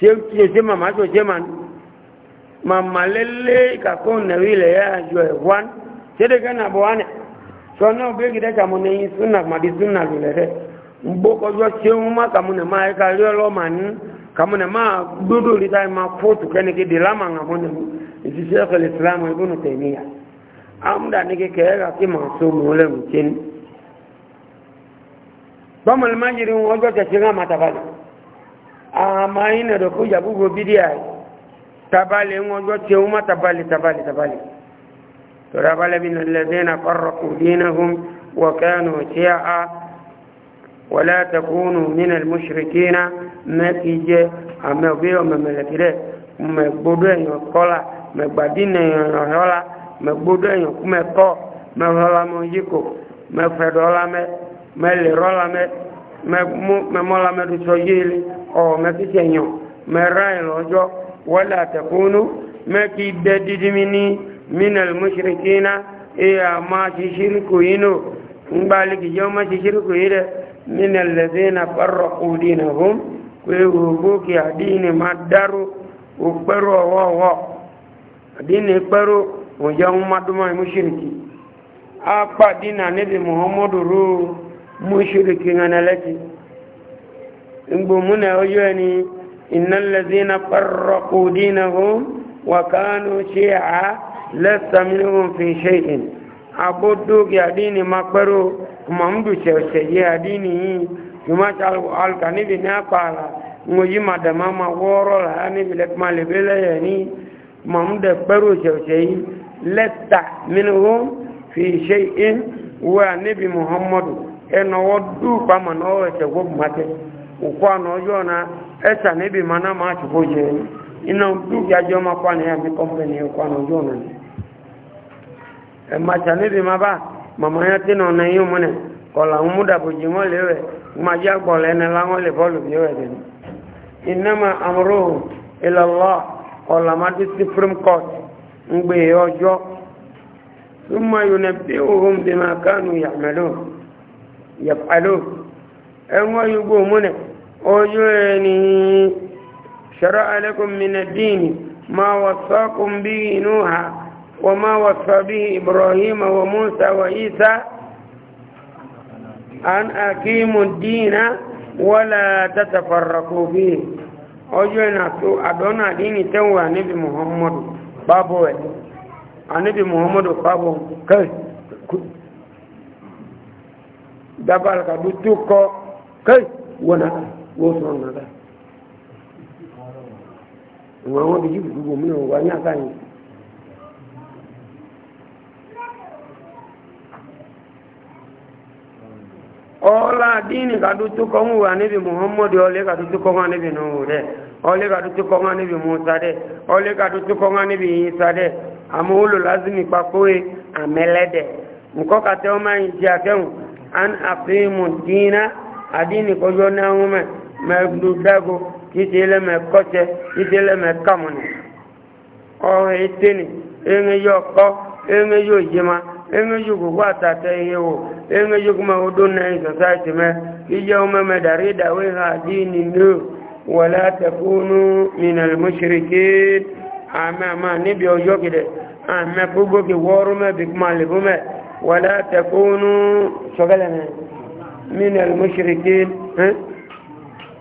S1: ṣe ṣe ṣe màmá na ṣe màá màmá lélẹ́ ìkàkó nẹ̀rí ilẹ̀ yá àjọ ẹ̀ wán ṣédè ma àbọ̀ wánẹ̀ ṣọ ka bí na ma mọ́ ní yí ma màdí súnà lulẹ̀ dẹ́ gbó kọjọ́ ṣé wọ́n má kàmú nẹ̀ máa ẹ̀ka rí ọlọ́ màá ní kàmú ma bọ́mọ̀ lè máa jìrì wọn ọjọ́ tẹ̀sí rán àmàtàbálẹ̀ àmà iná dọ̀kú ìyàgbogbo bídí àì tabalẹ̀ wọn ọjọ́ tẹ wọn mátàbálẹ̀ tabalẹ̀ tabalẹ̀ tọ́ra balẹ̀ bí na lẹ́sẹ̀ na kọ́rọ̀ kù dínà hun wọ̀kẹ́nu tí a a wọlé takunu nínà mùsùlùkínà mẹ́kì jẹ́ àmì òbí ọmọ mẹlẹkìlẹ̀ ẹ̀yàn kọ́la mẹgbàdínà mɛ le rɔ la mɛ mɛ mu mɛ mɔ la mɛ do tsɔ yeele ɔ mɛ kisɛ nyɔ mɛ ra yi lɔ dzɔ wala atakunu mɛ ki dɛ didimi ni minal mushrikina eye ama ti shiriku yi no ŋgbali ki jɛ ma ti shiriku yi dɛ minal lɛbina kparɔ kudina hom koe wogo ki adiini ma daru o kpɛrɛ wɔwɔ adiini kpɛrɛ o jɛ ŋu ma duma yi mushriki akpa dina ne bi muhammadu mushriki ngana lati ngbo muna oyo ni innal ladhina farraqu dinahum wa kanu shi'a lasta minhum fi shay'in abodo ki adini mapero mamdu cheche ye adini yuma chal al kanibi na pala ngoyi madama ma woro la ani bilek malebele yani mamde pero cheche lasta minhum fi shay'in wa nabi muhammadu ẹnọwọ dúpà mà náà ẹsẹ gbogbo màtẹ òkú àná ọjọ náà ẹsà níbi mà náà máa tìkó jẹ iná dúkìá jẹ ọmọ kó àná yàmi kọmpẹni òkú àná ọjọ ẹ ma sà níbi mà mama ya ti tí nàá nẹyìn mu nẹ kọlà ń mú dàbòjì wọn supreme court yẹ̀pàló ẹ̀wọ́n yúgbò múnẹ̀ ojú ẹni ṣọ́rọ̀ alẹ́kùn minadini ma wọ́sọ́kùn bí inú ha wọ́n ma wọ́sọ́ bí ibrahim wa musa wa isa an akimu dina wọ́la tatafarraku bí ojú ẹni àdọ́nà dini tẹ́wọ̀ anibi muhammadu babu kai dabal ka du tu ko kai wana wo so na da wa wo du bo mun wa nya kan ola dini ka du ko mu wa muhammad ole ka du tu ko nabi nuhu de ole ka du tu ko musa de ole ka du ko isa de amulu lazimi pa amelede nko ka an aqimu dina adini kojo na ngume me du dago kitile me kote kitile me kamuni o itini enge yoko enge yojima enge yugo wata te yewo enge yugma odona society me ijawma me darida we ha dini no wala takunu min al mushrikin ama ma nibi ojo ama bugo ki worume bikmalibume ولا تكونوا شغلنا من المشركين ها؟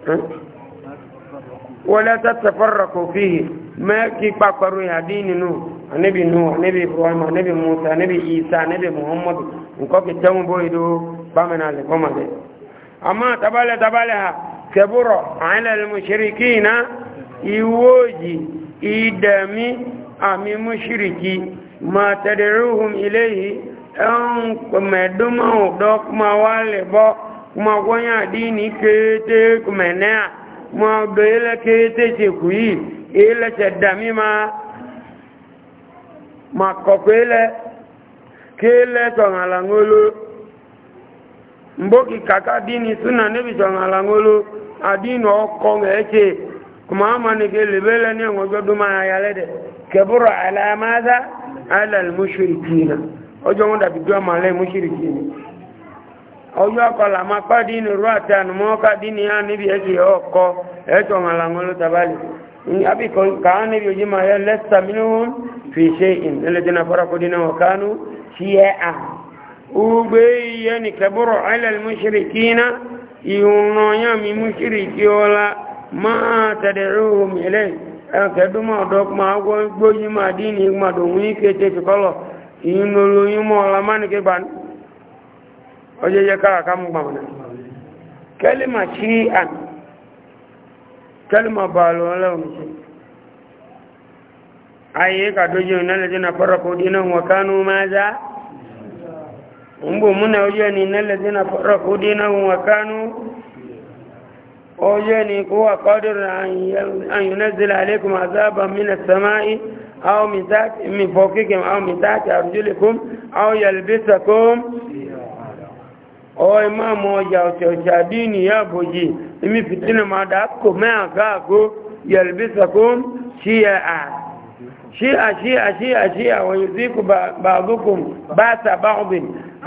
S1: ها؟ ولا تتفرقوا فيه ما كيبقروا يا دين نو النبي نو النبي إبراهيم النبي موسى نبي عيسى نبي محمد نكوك تمو بويدو بامنا لكم أما تبالي تبالي كبر على المشركين يوجي إدامي أمي مشركي ما تدعوهم إليه ẹ̀hún kòmẹ̀dúnmọ̀ ọ̀dọ́ kúmọ̀ wá lè bọ́ kúmọ̀ gbọ́nyà dínì kéèté kòmẹ̀nẹ́à le ọ̀dọ́ ma kọ̀kọ́ ilẹ̀ kéèlẹ̀ sọ̀rànlàngolo mbókì kàkà dínì súnà níbi sọ̀rànlàngolo àdínì ọkọ̀ ẹ̀ṣẹ̀ kòmọ̀ àmànìkè lèbẹ́lẹ̀ ní ọ̀gbọ́dún máa yà na. ọjọ́ wọn dàbí gbé ọmọ alẹ́ mọ́ṣíríkì ni ọjọ́ akọlà máa pàdé inú rú àti ànùmọ́ọ́ká dín ní hàn níbi ẹ̀ṣẹ̀ ọkọ ẹ̀ṣọ́ wọn làwọn ló tabalẹ̀ àbí kàá níbi ojú máa yẹ lẹ́sà mínúhùn fi ṣe ìnẹ́lẹ́dínà fọ́rakọ́ dínà wọ̀ kánú sí ẹ̀ à ugbe iye ni kẹbúrọ̀ alẹ́ mọ́ṣíríkì iná ìhùnàyàn mi mọ́ṣíríkì ọlá máa inú lóyún mọ́ ọlámánìké bá ní ọjọ́ yẹ káàkà mú gbàmọ̀nà kẹ́lìmà sí àn kẹ́lìmà bá lọ ọlọ́run sí ayé kàdójú ìnálẹ́jẹ́ na pọ́rọ̀kọ́ dínà wọn kánú máa zá mbò múnà أو من تحت من فوقكم أو من تحت أرجلكم أو يلبسكم أو ما موجا وشادين يا بوجي إمي فتنة ما داكو ما أكاكو يلبسكم شيعا شيعا شيعا شيعا شيعا ويذيق بعضكم باس بعض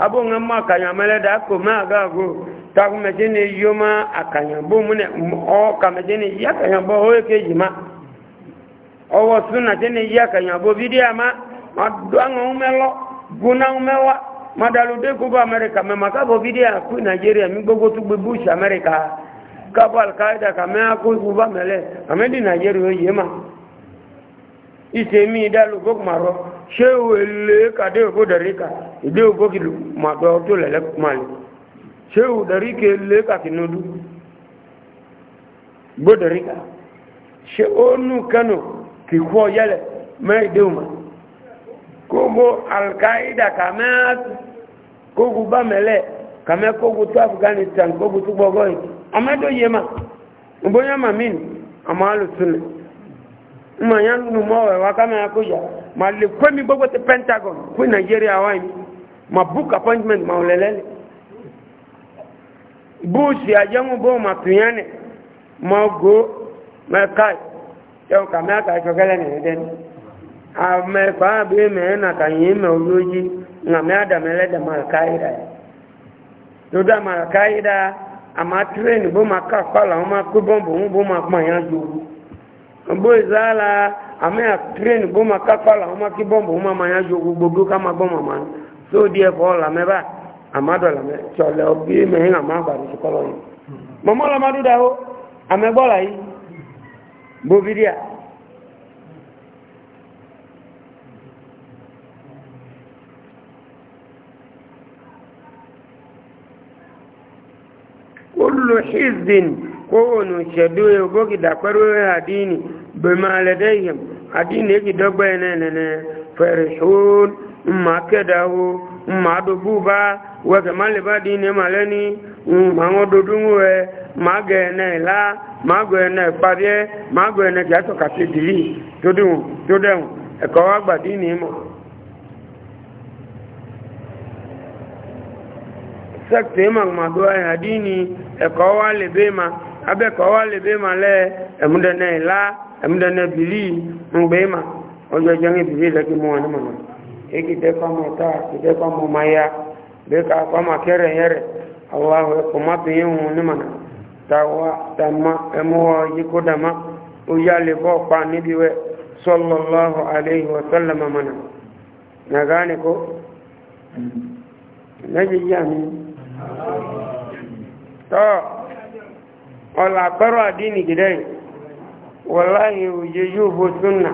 S1: أبو غما كان يعمل داكو ما أكاكو تاكو مجيني يوما أكاين بو من أو كمجيني يكاين بو هو كيجي ما ọwọ́ súnà tí ní yí àkànyàn bó bí díà má má dó àwọn ohun mẹ́lọ́ gúnná ohun mẹ́wàá má dàlódé gbogbo amẹ́ríkà mẹ́mà kábọ̀ bí díà kú Nigeria mi gbogbo tó gbé bush amẹ́ríkà kábọ̀ alkaida kàmẹ́ akó gbogbo amẹ́lẹ̀ amẹ́dì nàìjíríà yé ma ìṣe mi dàlú gbogbo mà rọ ṣé òwe kàdé ògbó dàríkà ìdé ògbó kìlú mà dọ̀ tó lẹ̀lẹ́ kumali ṣé òwe dàríkà lé kàkínodú gbó dàríkà ṣé ó nù kánò kikuo yele mai deuma kogo alkaida kama kogo bamele kama kogo tu afghanistan kogo tu bogoi amado yema mbonya mamini amalu sunna ma yangu numowe wakama yakuja malikwemi bogo te pentagon kwi nigeria wani book appointment maulelele bush ajangu bo matuyane mago makai ẹwọ kàmí àkàtọ kẹlẹ nìyí dẹni àmọ ẹkọ àbí mẹ ẹ nàkà yìí mẹ òbí ojì ńàmẹ àdàmẹ lẹdàmọ àkàyídà dodo àmọ àkàyídà maka tírẹ̀nì bó ma ká kọlà wọn ma kó bọ́ǹbù wọn bó ma pọ̀ yẹn ju bó ìzáàlà àmọ bó ma ká kọlà wọn ma kí bọ́ǹbù wọn yẹn ju gbogbo ká màmá tó di e bó bídíà
S2: kullu hizbin
S1: kowonu shedu ya gogi da kwarorin adini bai ma ladaihim adini yake dogba yana nene farishun ma kedawo ma dubu ba wata maliba dini malani ma wadudun ma ga yana ila máàgò ẹ̀nà ìparí ẹ́ máàgò ẹ̀nà ìjásọ̀ kàṣẹ dìlì tó dùn tó dẹ̀hùn ẹ̀kọ́ e wa gbàdí ní mọ̀. sẹ́kìtì màgbàdo ẹ̀hàdí ni ẹ̀kọ́ e wa lè bẹ́ẹ̀ ma abẹ́kọ̀ wa lè bẹ́ẹ̀ ma lẹ́ ẹ̀múdẹ̀nẹ̀ e ìlà ẹ̀múdẹ̀nẹ̀ bìlì ńgbẹ́ ma ọjọ́ jẹ́ ń bìlì lẹ́kì mú wọn ní mọ̀nà eki de kama ta ki de kama maya be ka kama kere yere allah ko ma bi yun ni mana tawa dama emuwa yiko dama uyali bo pa nibiwe sallallahu alaihi wa sallam mana na gane ko mm-hmm. naji yami to ola paro adini gidai wallahi ujeju bo sunna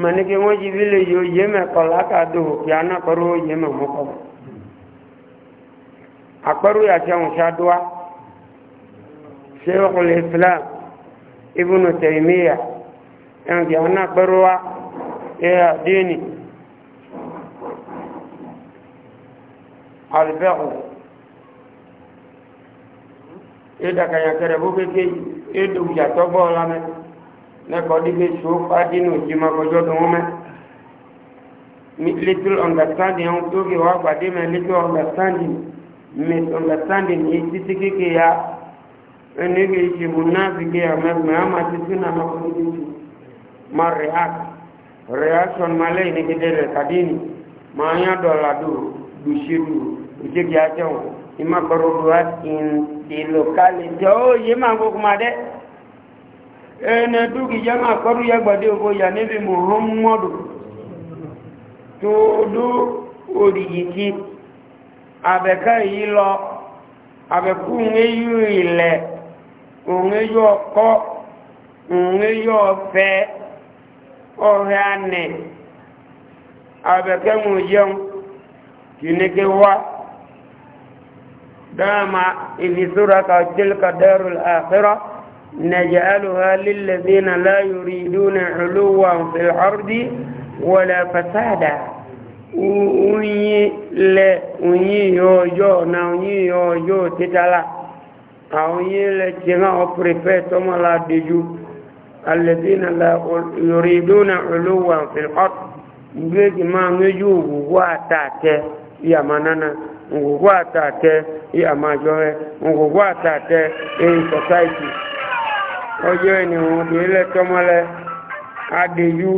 S1: manike ngoji vile yo yeme kola ka do yana paro yeme moko mm-hmm. akparu ya jẹun ṣáduwa شيخ الإسلام ابن تيمية يعني أنا بروا يا ديني البغو إذا كان يكره بكي إدو جاتوبو لامي نكودي بشوف أدينو جيما كجو دومي little understanding àwọn tó kí wá pàdé mẹ́ little understanding misunderstanding yìí títí kékeré ya ẹni kì í ṣe munafiki àmẹ́gbẹ́ àmà ti sínú àmàkùnrin ti ṣe ma react reaction ma lẹ́yìn ní kéde rẹ̀ kàdínì ma ń yá dọ̀là dùn dùṣe dùn òṣè kì í àjẹun ìmá kọ̀rọ̀ dùn wá in the locality ó yé máa gbogbo ma dẹ́ ẹni dúkìá máa kọ́rù yẹ gbọ́dẹ́ òkò yà níbi muhammadu tó dó òrìyí ti àbẹ̀ká yìí lọ àbẹ̀kú ń yú ilẹ̀ òun yóò kọ́ òun yóò fẹ́ ọ̀rẹ́ anẹ̀ abẹ̀kẹ́ mú yẹun kìnnìkì wá dáàmà ìfìsúra ka tilka dẹ́rù àkírọ́ نجعلها للذين لا يريدون علوا في الأرض ولا فسادا oyin lẹ oyin yọjọ́ na oyin yọjọ́ títàlá àwọn yìí lè tí wọ́n pèpè tó mọ́ la dìjú alẹ́bínà la yorí dúnà olówó àfihàn gbégi máa ń gbéjú òwúwó àtàtẹ ìyàmà nánà òwúwó àtàtẹ ìyàmà àjọyẹ òwúwó àtàtẹ èyí sọsáìtì ọjọ́ ènìyàn òdì ilẹ̀ tọ́mọ́lẹ̀ adìjú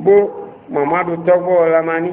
S1: gbó mọ̀mọ́dútọ́gbọ́ ọ̀làmání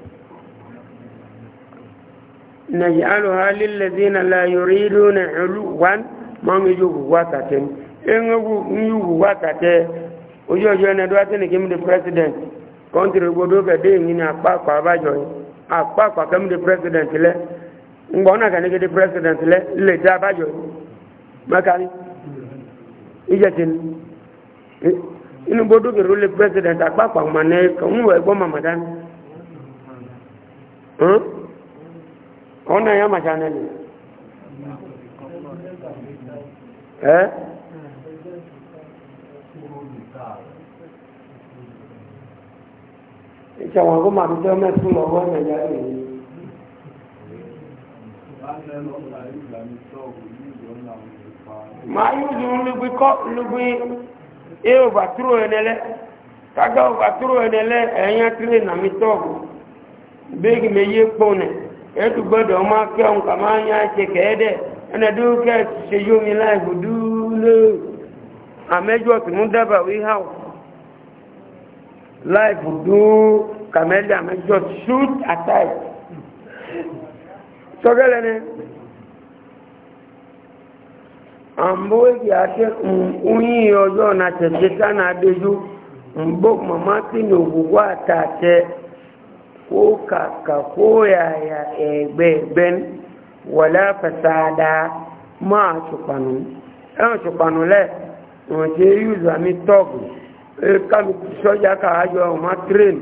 S1: نجعلها للذين لا يريدون علوا ما يجوا واتاتين ان يجوا واتاتين na do atini kim the president country godo ga de ni apa pa ba jo apa the president le ngbo na ga ni the president le le ja ba jo makani ijetin inu godo ga president ma ne mamadan ọ̀nà ya màjá nẹ́lì ẹ́ ìṣẹ̀wọ̀n kó màá tó mẹ́sù lọ́wọ́ ẹ̀yà rẹ̀ yìí màá yóò dùn lùgbí kọ́ lùgbí ẹ̀ òbàtúrò ẹ̀nẹ́lẹ́ kága òbàtúrò ẹ̀nẹ́lẹ́ ẹ̀yà tírẹ̀ nàmítọ́ọ̀gù bẹ́ẹ̀gì mẹ́yẹ pọ́nẹ̀ etu gbọ́dọ̀ ma kẹun kà máa ń yá ṣe kẹ́ẹ̀dẹ̀ ẹnà dúkẹ́ ṣe yómi láìbù dúró àmẹ́jọ́ tí mú dábà wíhàù láìbù dúró kàmẹ́lẹ̀ àmẹ́jọ́ shoot attack sọ́gẹ́lẹ́ ni àmbó èkì àti oyin ọjọ́ adéjú òwúwọ́ àtàtẹ́ ko kaka ko yaya ẹgbẹgbẹn wala fasada máa ṣùpànù ẹ̀wọ̀n ṣùpànù lẹ̀ wọ́n ti yúzà mi tọ́ọ̀gù e, kálukú sọ́jà káàjọ ọ̀ma tírèn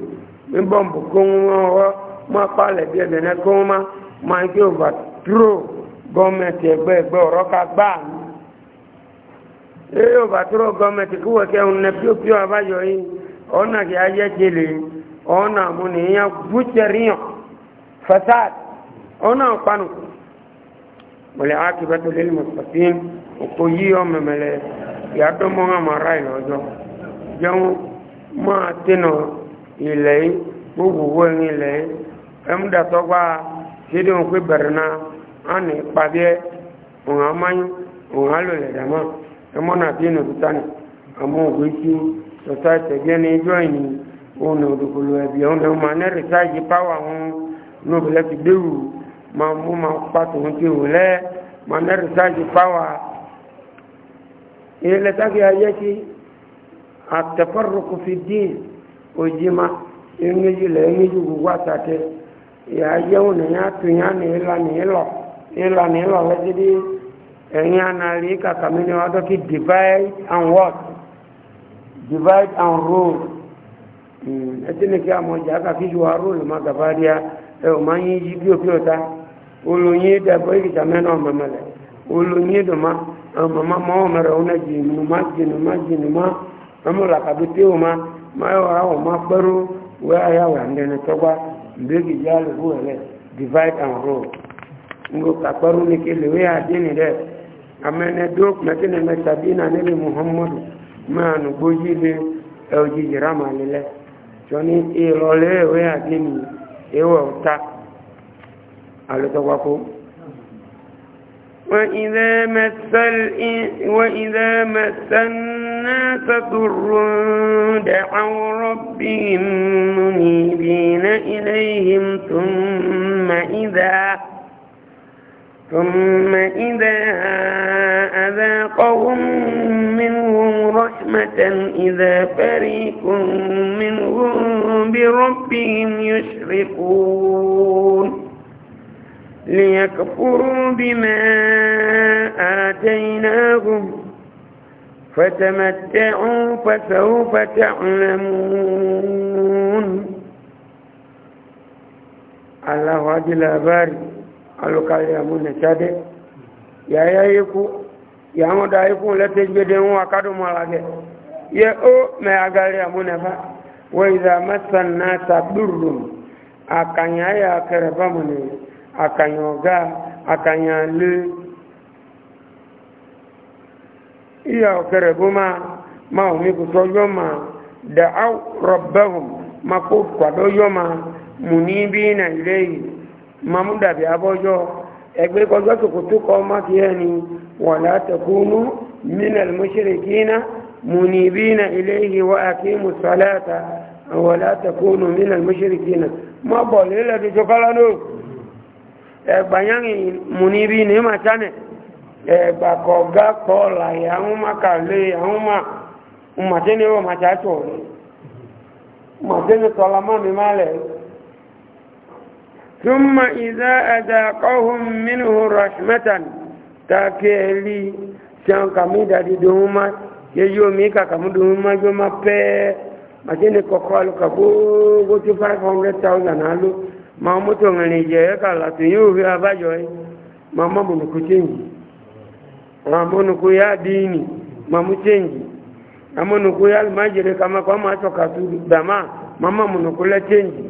S1: mi bọ́ǹbù kó wọ́n wọ́ máa palẹ̀ bí ẹ̀bẹ̀ náà kó wọ́n má máa kí òvà tró gọ́ọ̀mẹ̀ntì ẹgbẹ́ẹgbẹ́ ọ̀rọ̀ ká gbà mí. ẹ òvà tró gọ́ọ̀mẹ̀ntì kí wọ́n kẹ́ ọ̀nà píọ́píọ́ ona na ne ya guje riyo fasad ona panu wale akibatu lil mustaqim ko yiyo memele ya do nga marai lojo ma tino ile bubu wen ile em da to gba berna ani pabie on amanyu le dama emona tino tutani amu òun òdòkòlò ẹ̀bí ọ̀nà ma ní rìsáàjì páwà wọn nóbìlẹ̀ ti gbéwù ma mú ma pàtó ń ti wò lẹ́ ma ní rìsáàjì páwà ilẹ̀ sáfì ayé kí àtẹ̀fọ́rọ̀kù fi dín òjì ma ẹ̀ńgẹ́jì lẹ̀ ẹ̀ńgẹ́jì gbogbo àtàtẹ ìyá ayé òun nìyà tó yá ní ìlà ní ìlọ ìlà ní ìlọ lẹ́sí dí ẹ̀yìn ànàlẹ́ kàkàmínú adọ́kì divide and what divide and rule. ẹtẹ́lẹ̀ kí a mọ̀ jà ká kíjú wa róòlù má gàbá rí a ẹ ò máa ń yí bí òbí ọta olóyin dàbọ̀ ìkìtà mẹ́nà ọ̀mọ̀mọ̀lẹ̀ olóyin dùnmá ọ̀nà má má má ọmọ làkàbí téwò má má yọ àwọ̀ má pẹ́rú wẹ́ ayáwó já divide and ni muhammadu sọ́ni ìrọ̀lẹ́ ìwé àdínì ìwọ̀ ta àlùtọ́gbàkó وإذا مس وإذا مس الناس ضر دعوا ربهم منيبين إليهم ثم إذا ثم إذا أذاقهم منهم رحمة إذا فريق منهم بربهم يشركون ليكفروا بما آتيناهم فتمتعوا فسوف تعلمون الله أجل أبارك alùkàlẹ̀ àmúnẹ̀ jáde yàyà ya yàwọn dá ikú lẹ́tẹ̀ gbédé wọn akádùmọ̀ alágẹ̀ yẹ ó mẹ́ agalẹ̀ àmúnẹ̀ ya wọ́n ìdá mẹ́sàn náà sàdúrùn àkànyà yà kẹrẹ bámúnẹ̀ àkànyà ọ̀gá àkànyà lé ìyà ọ̀kẹrẹ bó máa máa omi kò tọ́jọ́ máa dàá rọ̀bẹ́hùn máa kó kwàdọ́jọ́ mamu dàbí abọ́jọ́ ẹgbẹ́ kọjọ́ tòkòtò kọ́ mákì ẹni wọ̀n látẹ̀kúnú minal mushrikina munibina ilayhi wa aqimu salata wọ̀n látẹ̀kúnú minal mushrikina mọ́ bọ̀ lílẹ̀ tó tó kọ́lá ló ẹgbàyánì munibina ma chánẹ̀ ẹgbà kọ̀ọ̀gá kọ́ láyé àwọn makalé àwọn ma màtẹ́ni wọ́n màtẹ́ àtọ̀ màtẹ́ni tọ́lámọ́ ثم إذا أذاقهم منه رحمة تاكيلي سان كامي دادي دوما يجو ميكا كامو دوما جو ما بي ما جيني كوكوالو كابو غوتي 500000 هالو ما موتو غني جي كالا تيو في اباجوي ما ما بونو كوتينجي ما بونو كويا ديني ما موتينجي ما بونو كويا الماجري كما كما توكاتو دما ما ما بونو كولا تينجي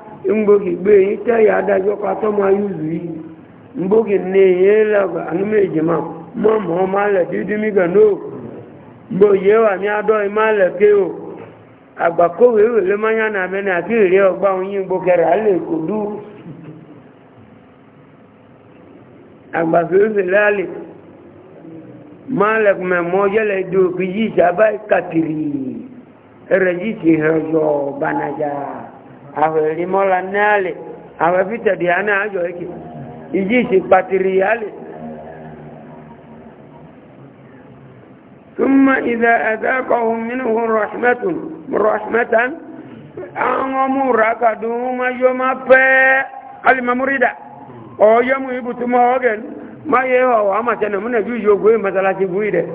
S1: mgbogi gbe yi tẹ́ ya adájọ́ ká tọ́ máa yúzù yìí mgbogi ní èyí lẹ́gbà anúmọ̀ ìjìmá mọ́ mọ́ máa lẹ̀ dídí mígà náà mgbo yé wà ní adọ́ ìmáa lẹ̀ ké o le wèlé na náà mẹ́ni àti ìrí ọgbà oyin gbókẹrẹ alẹ́ kò ali. Ma sábà yìí ti àwẹ̀rí mọ́la náàlẹ̀ àwẹ̀ fìtẹ̀dì àná àjọ èkì ìjì ìṣèpàtìrì yálẹ̀ ثم إذا أذاقهم منه رحمة رحمة أنهم ركضوا ما يوم alima murida ọjọ́ mú ibùtú mọ́ ọgẹ̀ má yẹ ọwọ́ àmàtẹ́nà múnà bí yóò gbé masalasi bú ìdẹ̀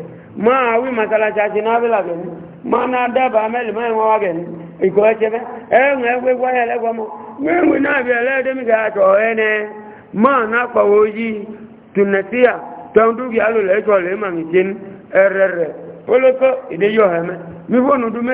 S1: máa wí masalasi àti náà bí làgẹ̀ ní máa náà dábàá mẹ́lì máa ń wọ́n wágẹ̀ ní ìkọ́ ẹ̀ṣẹ́ fẹ́ ẹ̀rùn ẹgbẹ́ wáyà lẹ́gbọ́mọ́ wíwì náà bí ẹlẹ́ẹ̀dẹ́mìgà àtọ̀ ẹnẹ máa náà pàwọ́ yí tùnẹ̀tíyà tọ́ndúkì alòlẹ́jọ́ lẹ́màmìtín ẹ̀rẹ̀rẹ̀ olókọ́ ìdẹ́yọ̀ ẹ̀mẹ́ mi fóònù e, dún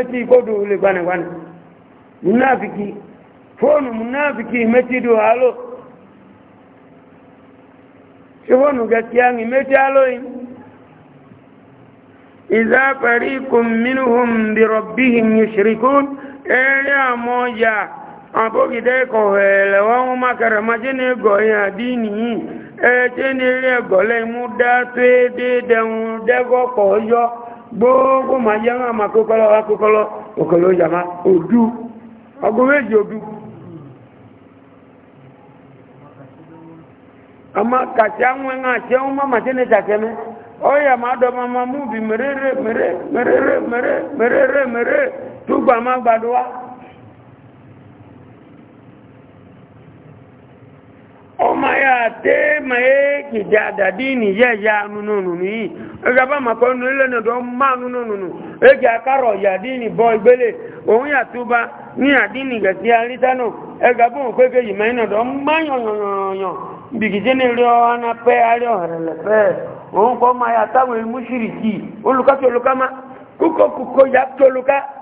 S1: ere amoja abogide ko hele wa ma kara gọ ya dini e tenere go le muda ma je ma ma kokolo wa kokolo jama odu odu ama ma oya ma tó gbà má gbàdó wá ọmọ ya tẹ́ ma ẹ́ kìdí àdàdí nìyẹ́ ya nùnùnù yìí ẹgbẹ́ bá màkọ́ nílẹ̀ tó má nùnùnù ẹgbẹ́ akárọ̀ yàdí nìbọn ìgbélé òun yàtúbá ní àdínì gẹ̀ẹ́sì arítánù ẹgbẹ́ bóun pé kejì mẹ́rin tó má yànyànyànyàn bìkìtì ní rí ọ ana arí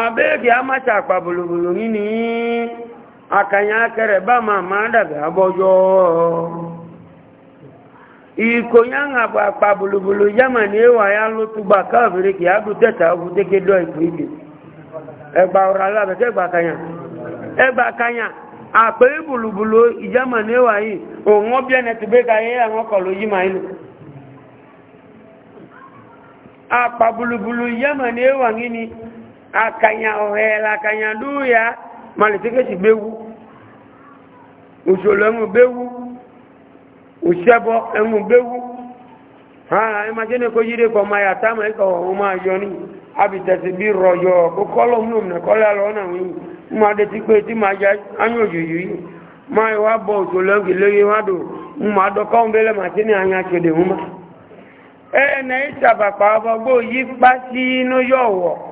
S1: abẹ́ẹ̀kì a máa ṣàpà bòlòbòlò nínú akànyà akẹrẹ bá ma máa dàbẹ̀ abọ́jọ́ ìkòyànà àpà bòlòbòlò yámàní ẹwà ya ló túgbà káàbìrì kì á dùn tẹ́ta ogun tẹ́kẹ́ dọ́ ìpò ìgbè ẹgbà ọ̀rọ̀ alábẹ̀kẹ́ ẹgbà kanyà ẹgbà kanyà àpẹ́ bòlòbòlò yámàní ẹwà yìí òun ọbẹ̀ ẹ̀nẹ̀ tó gbé kayé àwọn kọ̀ ló yí màá yìí àpà bòlòbòlò yámàní akanya ohela akanya du ya malitiketi bewu usolo emu bewu usebo emu bewu ha imagine ko yire ko ma ya tama ko o ma yo ni abi tesi bi royo ko kolo mu na ko la lo na wi ma de ti pe ti ma ja anyo yuyu ma wa bo usolo ki le wa do ma do ko mbele ma ti anya kede mu ma e na isaba pa bo yi pa si no yo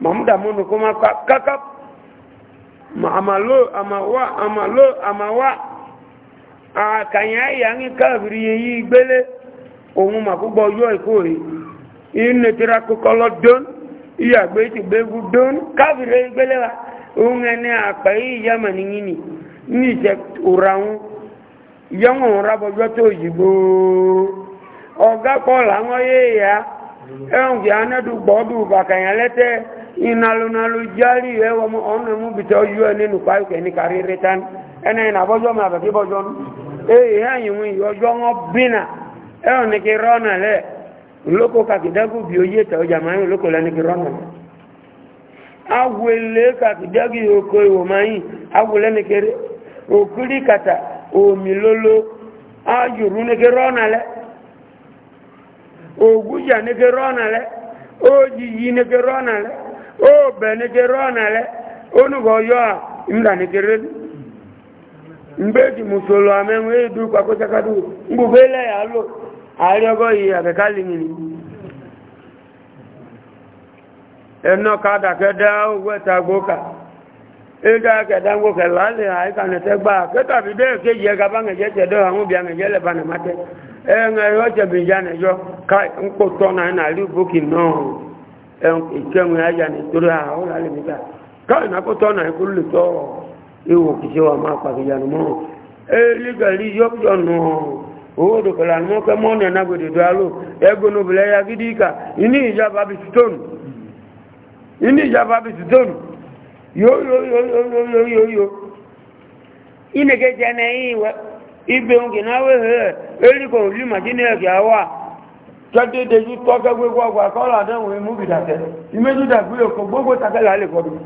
S1: mamuda munu kuma kakap ma amalo amawa amalo amawa akanya yangi kabiri yi gbele ohun ma ko gbo yo iko yi inne tira ko kolo don iya gbe ti gbegu don kabiri gbele wa ohun ene apa yi yama ni yini ni je uraun ra rabo yo to yibo ọ̀gá ya làwọn yéèyà ẹ̀hùn kí inalunalu jali ewa mu onu mu bita oyu eni nu pa ke ni kari retan ene na bojo ma ba ki bojo e he yin wi ojo ngo bina e on ni ki rona le loko ka ki dagu bi oye ta o jama yin loko le ni ki rona le awele ka ki dagu oko iwo ma yin awele ni ki okuri kata omi lolo ajuru ni ki rona le oguja ni ki rona le oji yi ni ki rona le o bẹ̀ ní kẹrọ ọ̀nà rẹ̀ onúbọ̀ yọ́ à ńlà ní kẹrẹ musolo mùsùlù àmẹ́wọ̀n èdè pàkóṣakádù ńgbùgbé lẹ́yà lò ààrẹ ọgọ́ yìí àkẹ́kà lìyìn ẹ̀nà kádà kẹ́dá owó ẹ̀ta gbókà ẹ̀dá kẹ́dá gbókà lálẹ́ àìkànnẹ̀tẹ́ gbà kẹ́tàbí gbaa kéjì ẹ̀gá bá ngẹ̀jẹ́ tẹ̀dọ́ àwọn obì àngẹ̀jẹ́ lẹ̀ bá nà má tẹ́ ká náà bókì náà ìkẹ́hùn ayà nítorí àwọn alẹ́mìíta káwọn ìnákótọ́ náà ikú lè tọ́ ihò kìíṣẹ́ wa máa pàkìyànú mọ́ elígàlí yọ́pjọ̀nù owó dòkòlà ní mọ́kẹ́ mọ́nà nágbèdèdò aló ẹgbónú ya tọ́dédé yí tọ́gẹ́ gbogbo ọgbà kọ́lá náà wọ́n mú ìdàtẹ́ ìmẹ́jú dàgbé òkò gbogbo takẹ́lá lè kọ́ dùn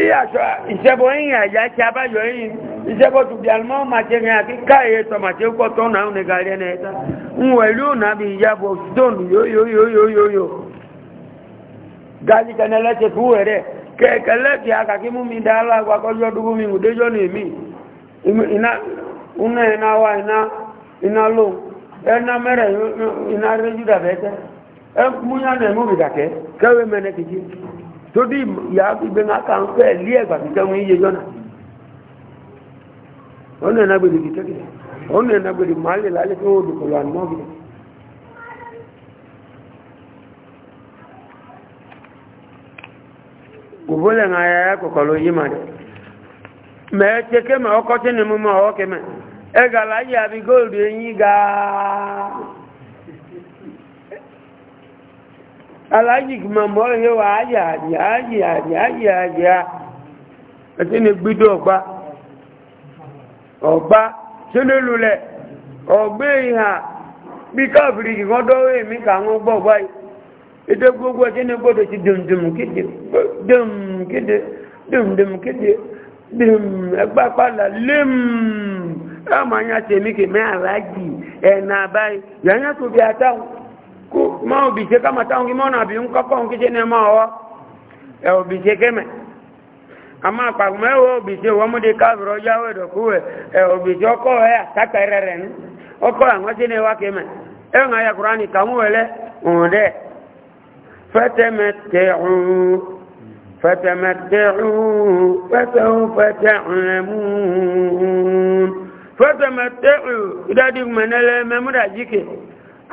S1: ìyàṣọ́ ìṣẹ́bọ̀ yìnyìn àjá tí a bá yọ yìnyìn ìṣẹ́bọ̀ tó bí almọ́ màṣẹ́ rìn àti káàyè tọmàṣẹ́ pọ̀ tọ́ náà ní gàrí ẹni ẹ̀ta ń wẹ̀ ló náà bí ìyàbọ̀ stone yóyóyóyóyó gàrí kẹ́nẹ́lẹ́ṣẹ́ fún wẹ̀rẹ́ kẹ̀kẹ́ lẹ́kì akàkí mú mi dáa lágbà kọjọ́ dúgbò mi mú déjọ́ ní èmì iná iná wá iná iná ló mẹ́rẹ̀ iná ẹ múyá nà ẹmú mi dàkẹ́ kẹ́wé kìí tó dí ìyá gbígbé ńlá kan fẹ́ lé ẹ̀gbà jọ́nà gbèdè gbèdè máa lè lálẹ́ gubole nga ya ko kolo yima de me cheke ma okoti ni mu ma oke me e gala ya bi gold yin ma he wa ya ya ya ya ya a ati ni gbido ọgba ọgba kà ide gbogbo ẹjẹ́ ní gbọ́dọ̀ sí dùndùn kéde dùn kéde dùndùn kéde dùn ẹgbàpàlà lẹ́m ọmọ anyá tèmi kè mẹ́ àlájì ẹ̀nà àbáyé yàrá tó bí atáwọn kó mọ́ òbí ṣe ká máa táwọn kí mọ́ náà bí ma kọ́kọ́ ń kéde ní ẹmọ de فتمتعوا فتمتعوا فسوف تعلمون فتمتعوا إذا دي من الممرة جيكي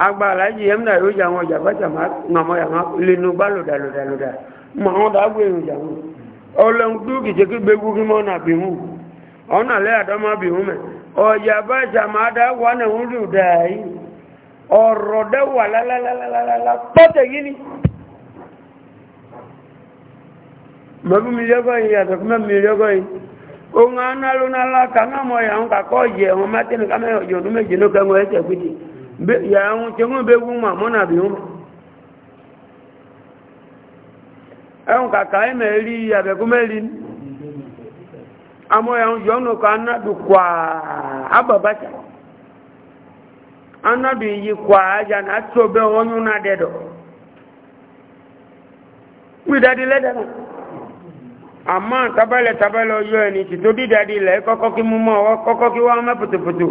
S1: agbára yìí ẹ̀mí náà yóò jà wọn ọjà fẹ́sẹ̀ màmá yàmá lẹ́nu bá lòdà lòdà lòdà màá dá gbé ìrìn jà wọn ọlọ́run tó kìí kí gbégbó kí mọ́ nà bìhù ọ̀nà lẹ́ àdọ́mà bìhù mẹ́ ọjà fẹ́sẹ̀ màá dá wà náà ń lòdà yìí ọ̀rọ̀ dẹ́wà lálálálálá pọ́tẹ̀ yìí ni mọ̀bí mi lọ́gọ́ yìí yàtọ̀ fún mẹ́bí mi lọ́gọ́ yìí ohun análónálá kanáàmọ̀ yàrún kakọ́ ọmọ mátẹ́nu kámẹ́ ọjọ́ ọdún méje ló bẹ wú kàkà rí ní. amọ̀ yàrún kwaa yìí kwaa náà tó yún náà di àmọ́ tabẹ́lẹ̀ tabẹ́lẹ̀ ọjọ́ ẹni tí tó dídàdí ilẹ̀ kọ́kọ́ kí mú mọ́ ọwọ́ kọ́kọ́ kí wọ́n mẹ́ pòtòpòtò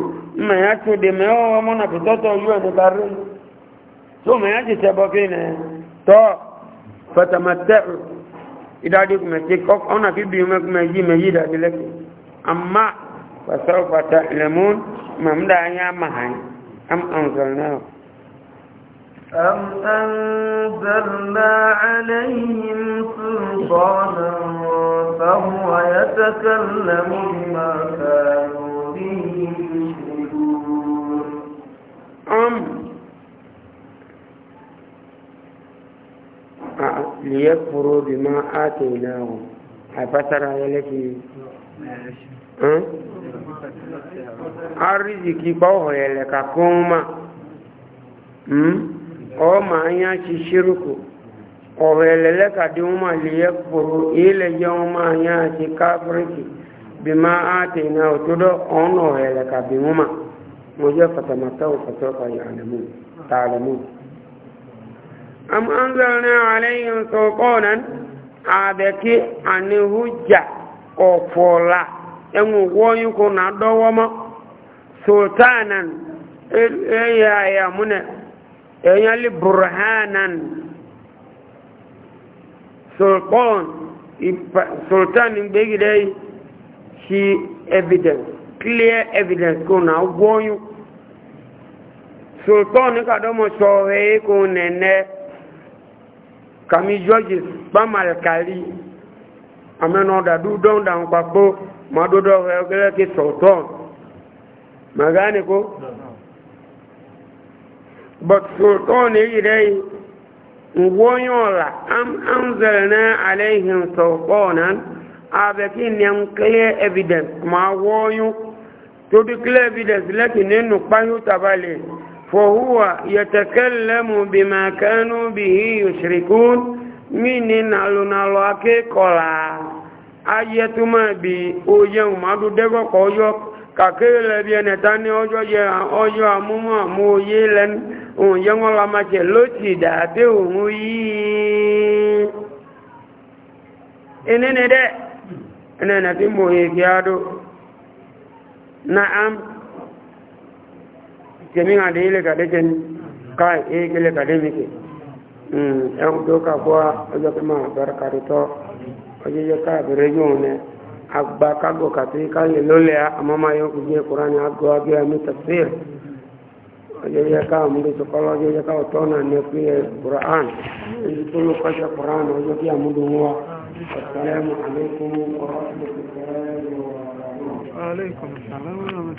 S1: mẹ́yà tó dè mẹ́wọ́ ọmọ náà pòtòtò ọjọ́ ẹni kárí tó mẹ́yà ti sẹ́bọ́ kí nẹ tọ́ fẹ̀tẹ̀mẹ̀tẹ̀ ìdádí kùmẹ̀tì ọ̀nà kí bí mẹ́kùmẹ̀ yí mẹ́ yí dàdí lẹ́kẹ̀ àmọ́ pàṣẹ pàṣẹ ìlẹ̀mú mẹ́mdà أم أنزلنا عليهم سلطانا فهو يتكلم بما كانوا به يشركون أم ليكفروا بما آتيناهم أفسر يلتي arziki ba ho yele ka kuma ma anya ti ṣírùkù ọ̀rọ̀ ẹ̀lẹ́lẹ́ kàdí wọn lè yẹ ile ilẹ̀ yẹ anya ti káfíríkì bí máa á tẹ̀ iná òtúdọ̀ ọ̀nà ẹ̀lẹ́ kàbí wọn mà mo jẹ́ fàtàmàtà taa am an alayhim sultanan ofola enwu ko na dowo sultanan eya e, ya mune èèyàn burhanan sultan sultan gbégidẹ́ evidence clear evidence kò náà gbóyún sultan kàdọ́mọ̀ ṣọ̀rẹ́ kò nẹ̀nẹ́ kàmí georges pàmàlìkàrí àmẹ́nà ọ̀dàdú dọ́ndà ń papọ̀ rẹ̀ ọgẹ́rẹ́ sultan magánìkó but for turn e rey onwonyola am zere na ala'ihin sopona albeckin ya n clear evidence ma wonyu to di clear evidence lefi ninu pahiyu taba le for who wa yetekere lemu bi maka enu bi hin yi osiriku mini nalo nalo ake kola ayetuma bi oyenu madu devok or yoke kàkéyè lẹbi ẹnẹ tani ọjọ yẹ ọjọ amúmọ àmú oyé lẹnu òun yẹ wọn la máa jẹ lọtì dàbí òun yìí ẹnẹnẹ dẹ ẹnẹnẹ tí mo yẹ kí a dó na am tèmi hàn dé ilé kàdé jẹ ní ká ilé kàdé mi kè ẹn tó kà bọ́ ọjọ́ kí máa bẹ̀rẹ̀ kàdé tọ́ ọjọ́ yẹ ká bẹ̀rẹ̀ yóò nẹ agba kago katika lolea amama yo kuje Qur'ani agwa agwa ami tafsir ojeje ka mundu sokolo ojeje ka otona ne kuye Qur'an ndikulu kasha Qur'an ojeje kia mundu mwa assalamu alaikum wa rahmatullahi wa barakatuh alaikum assalam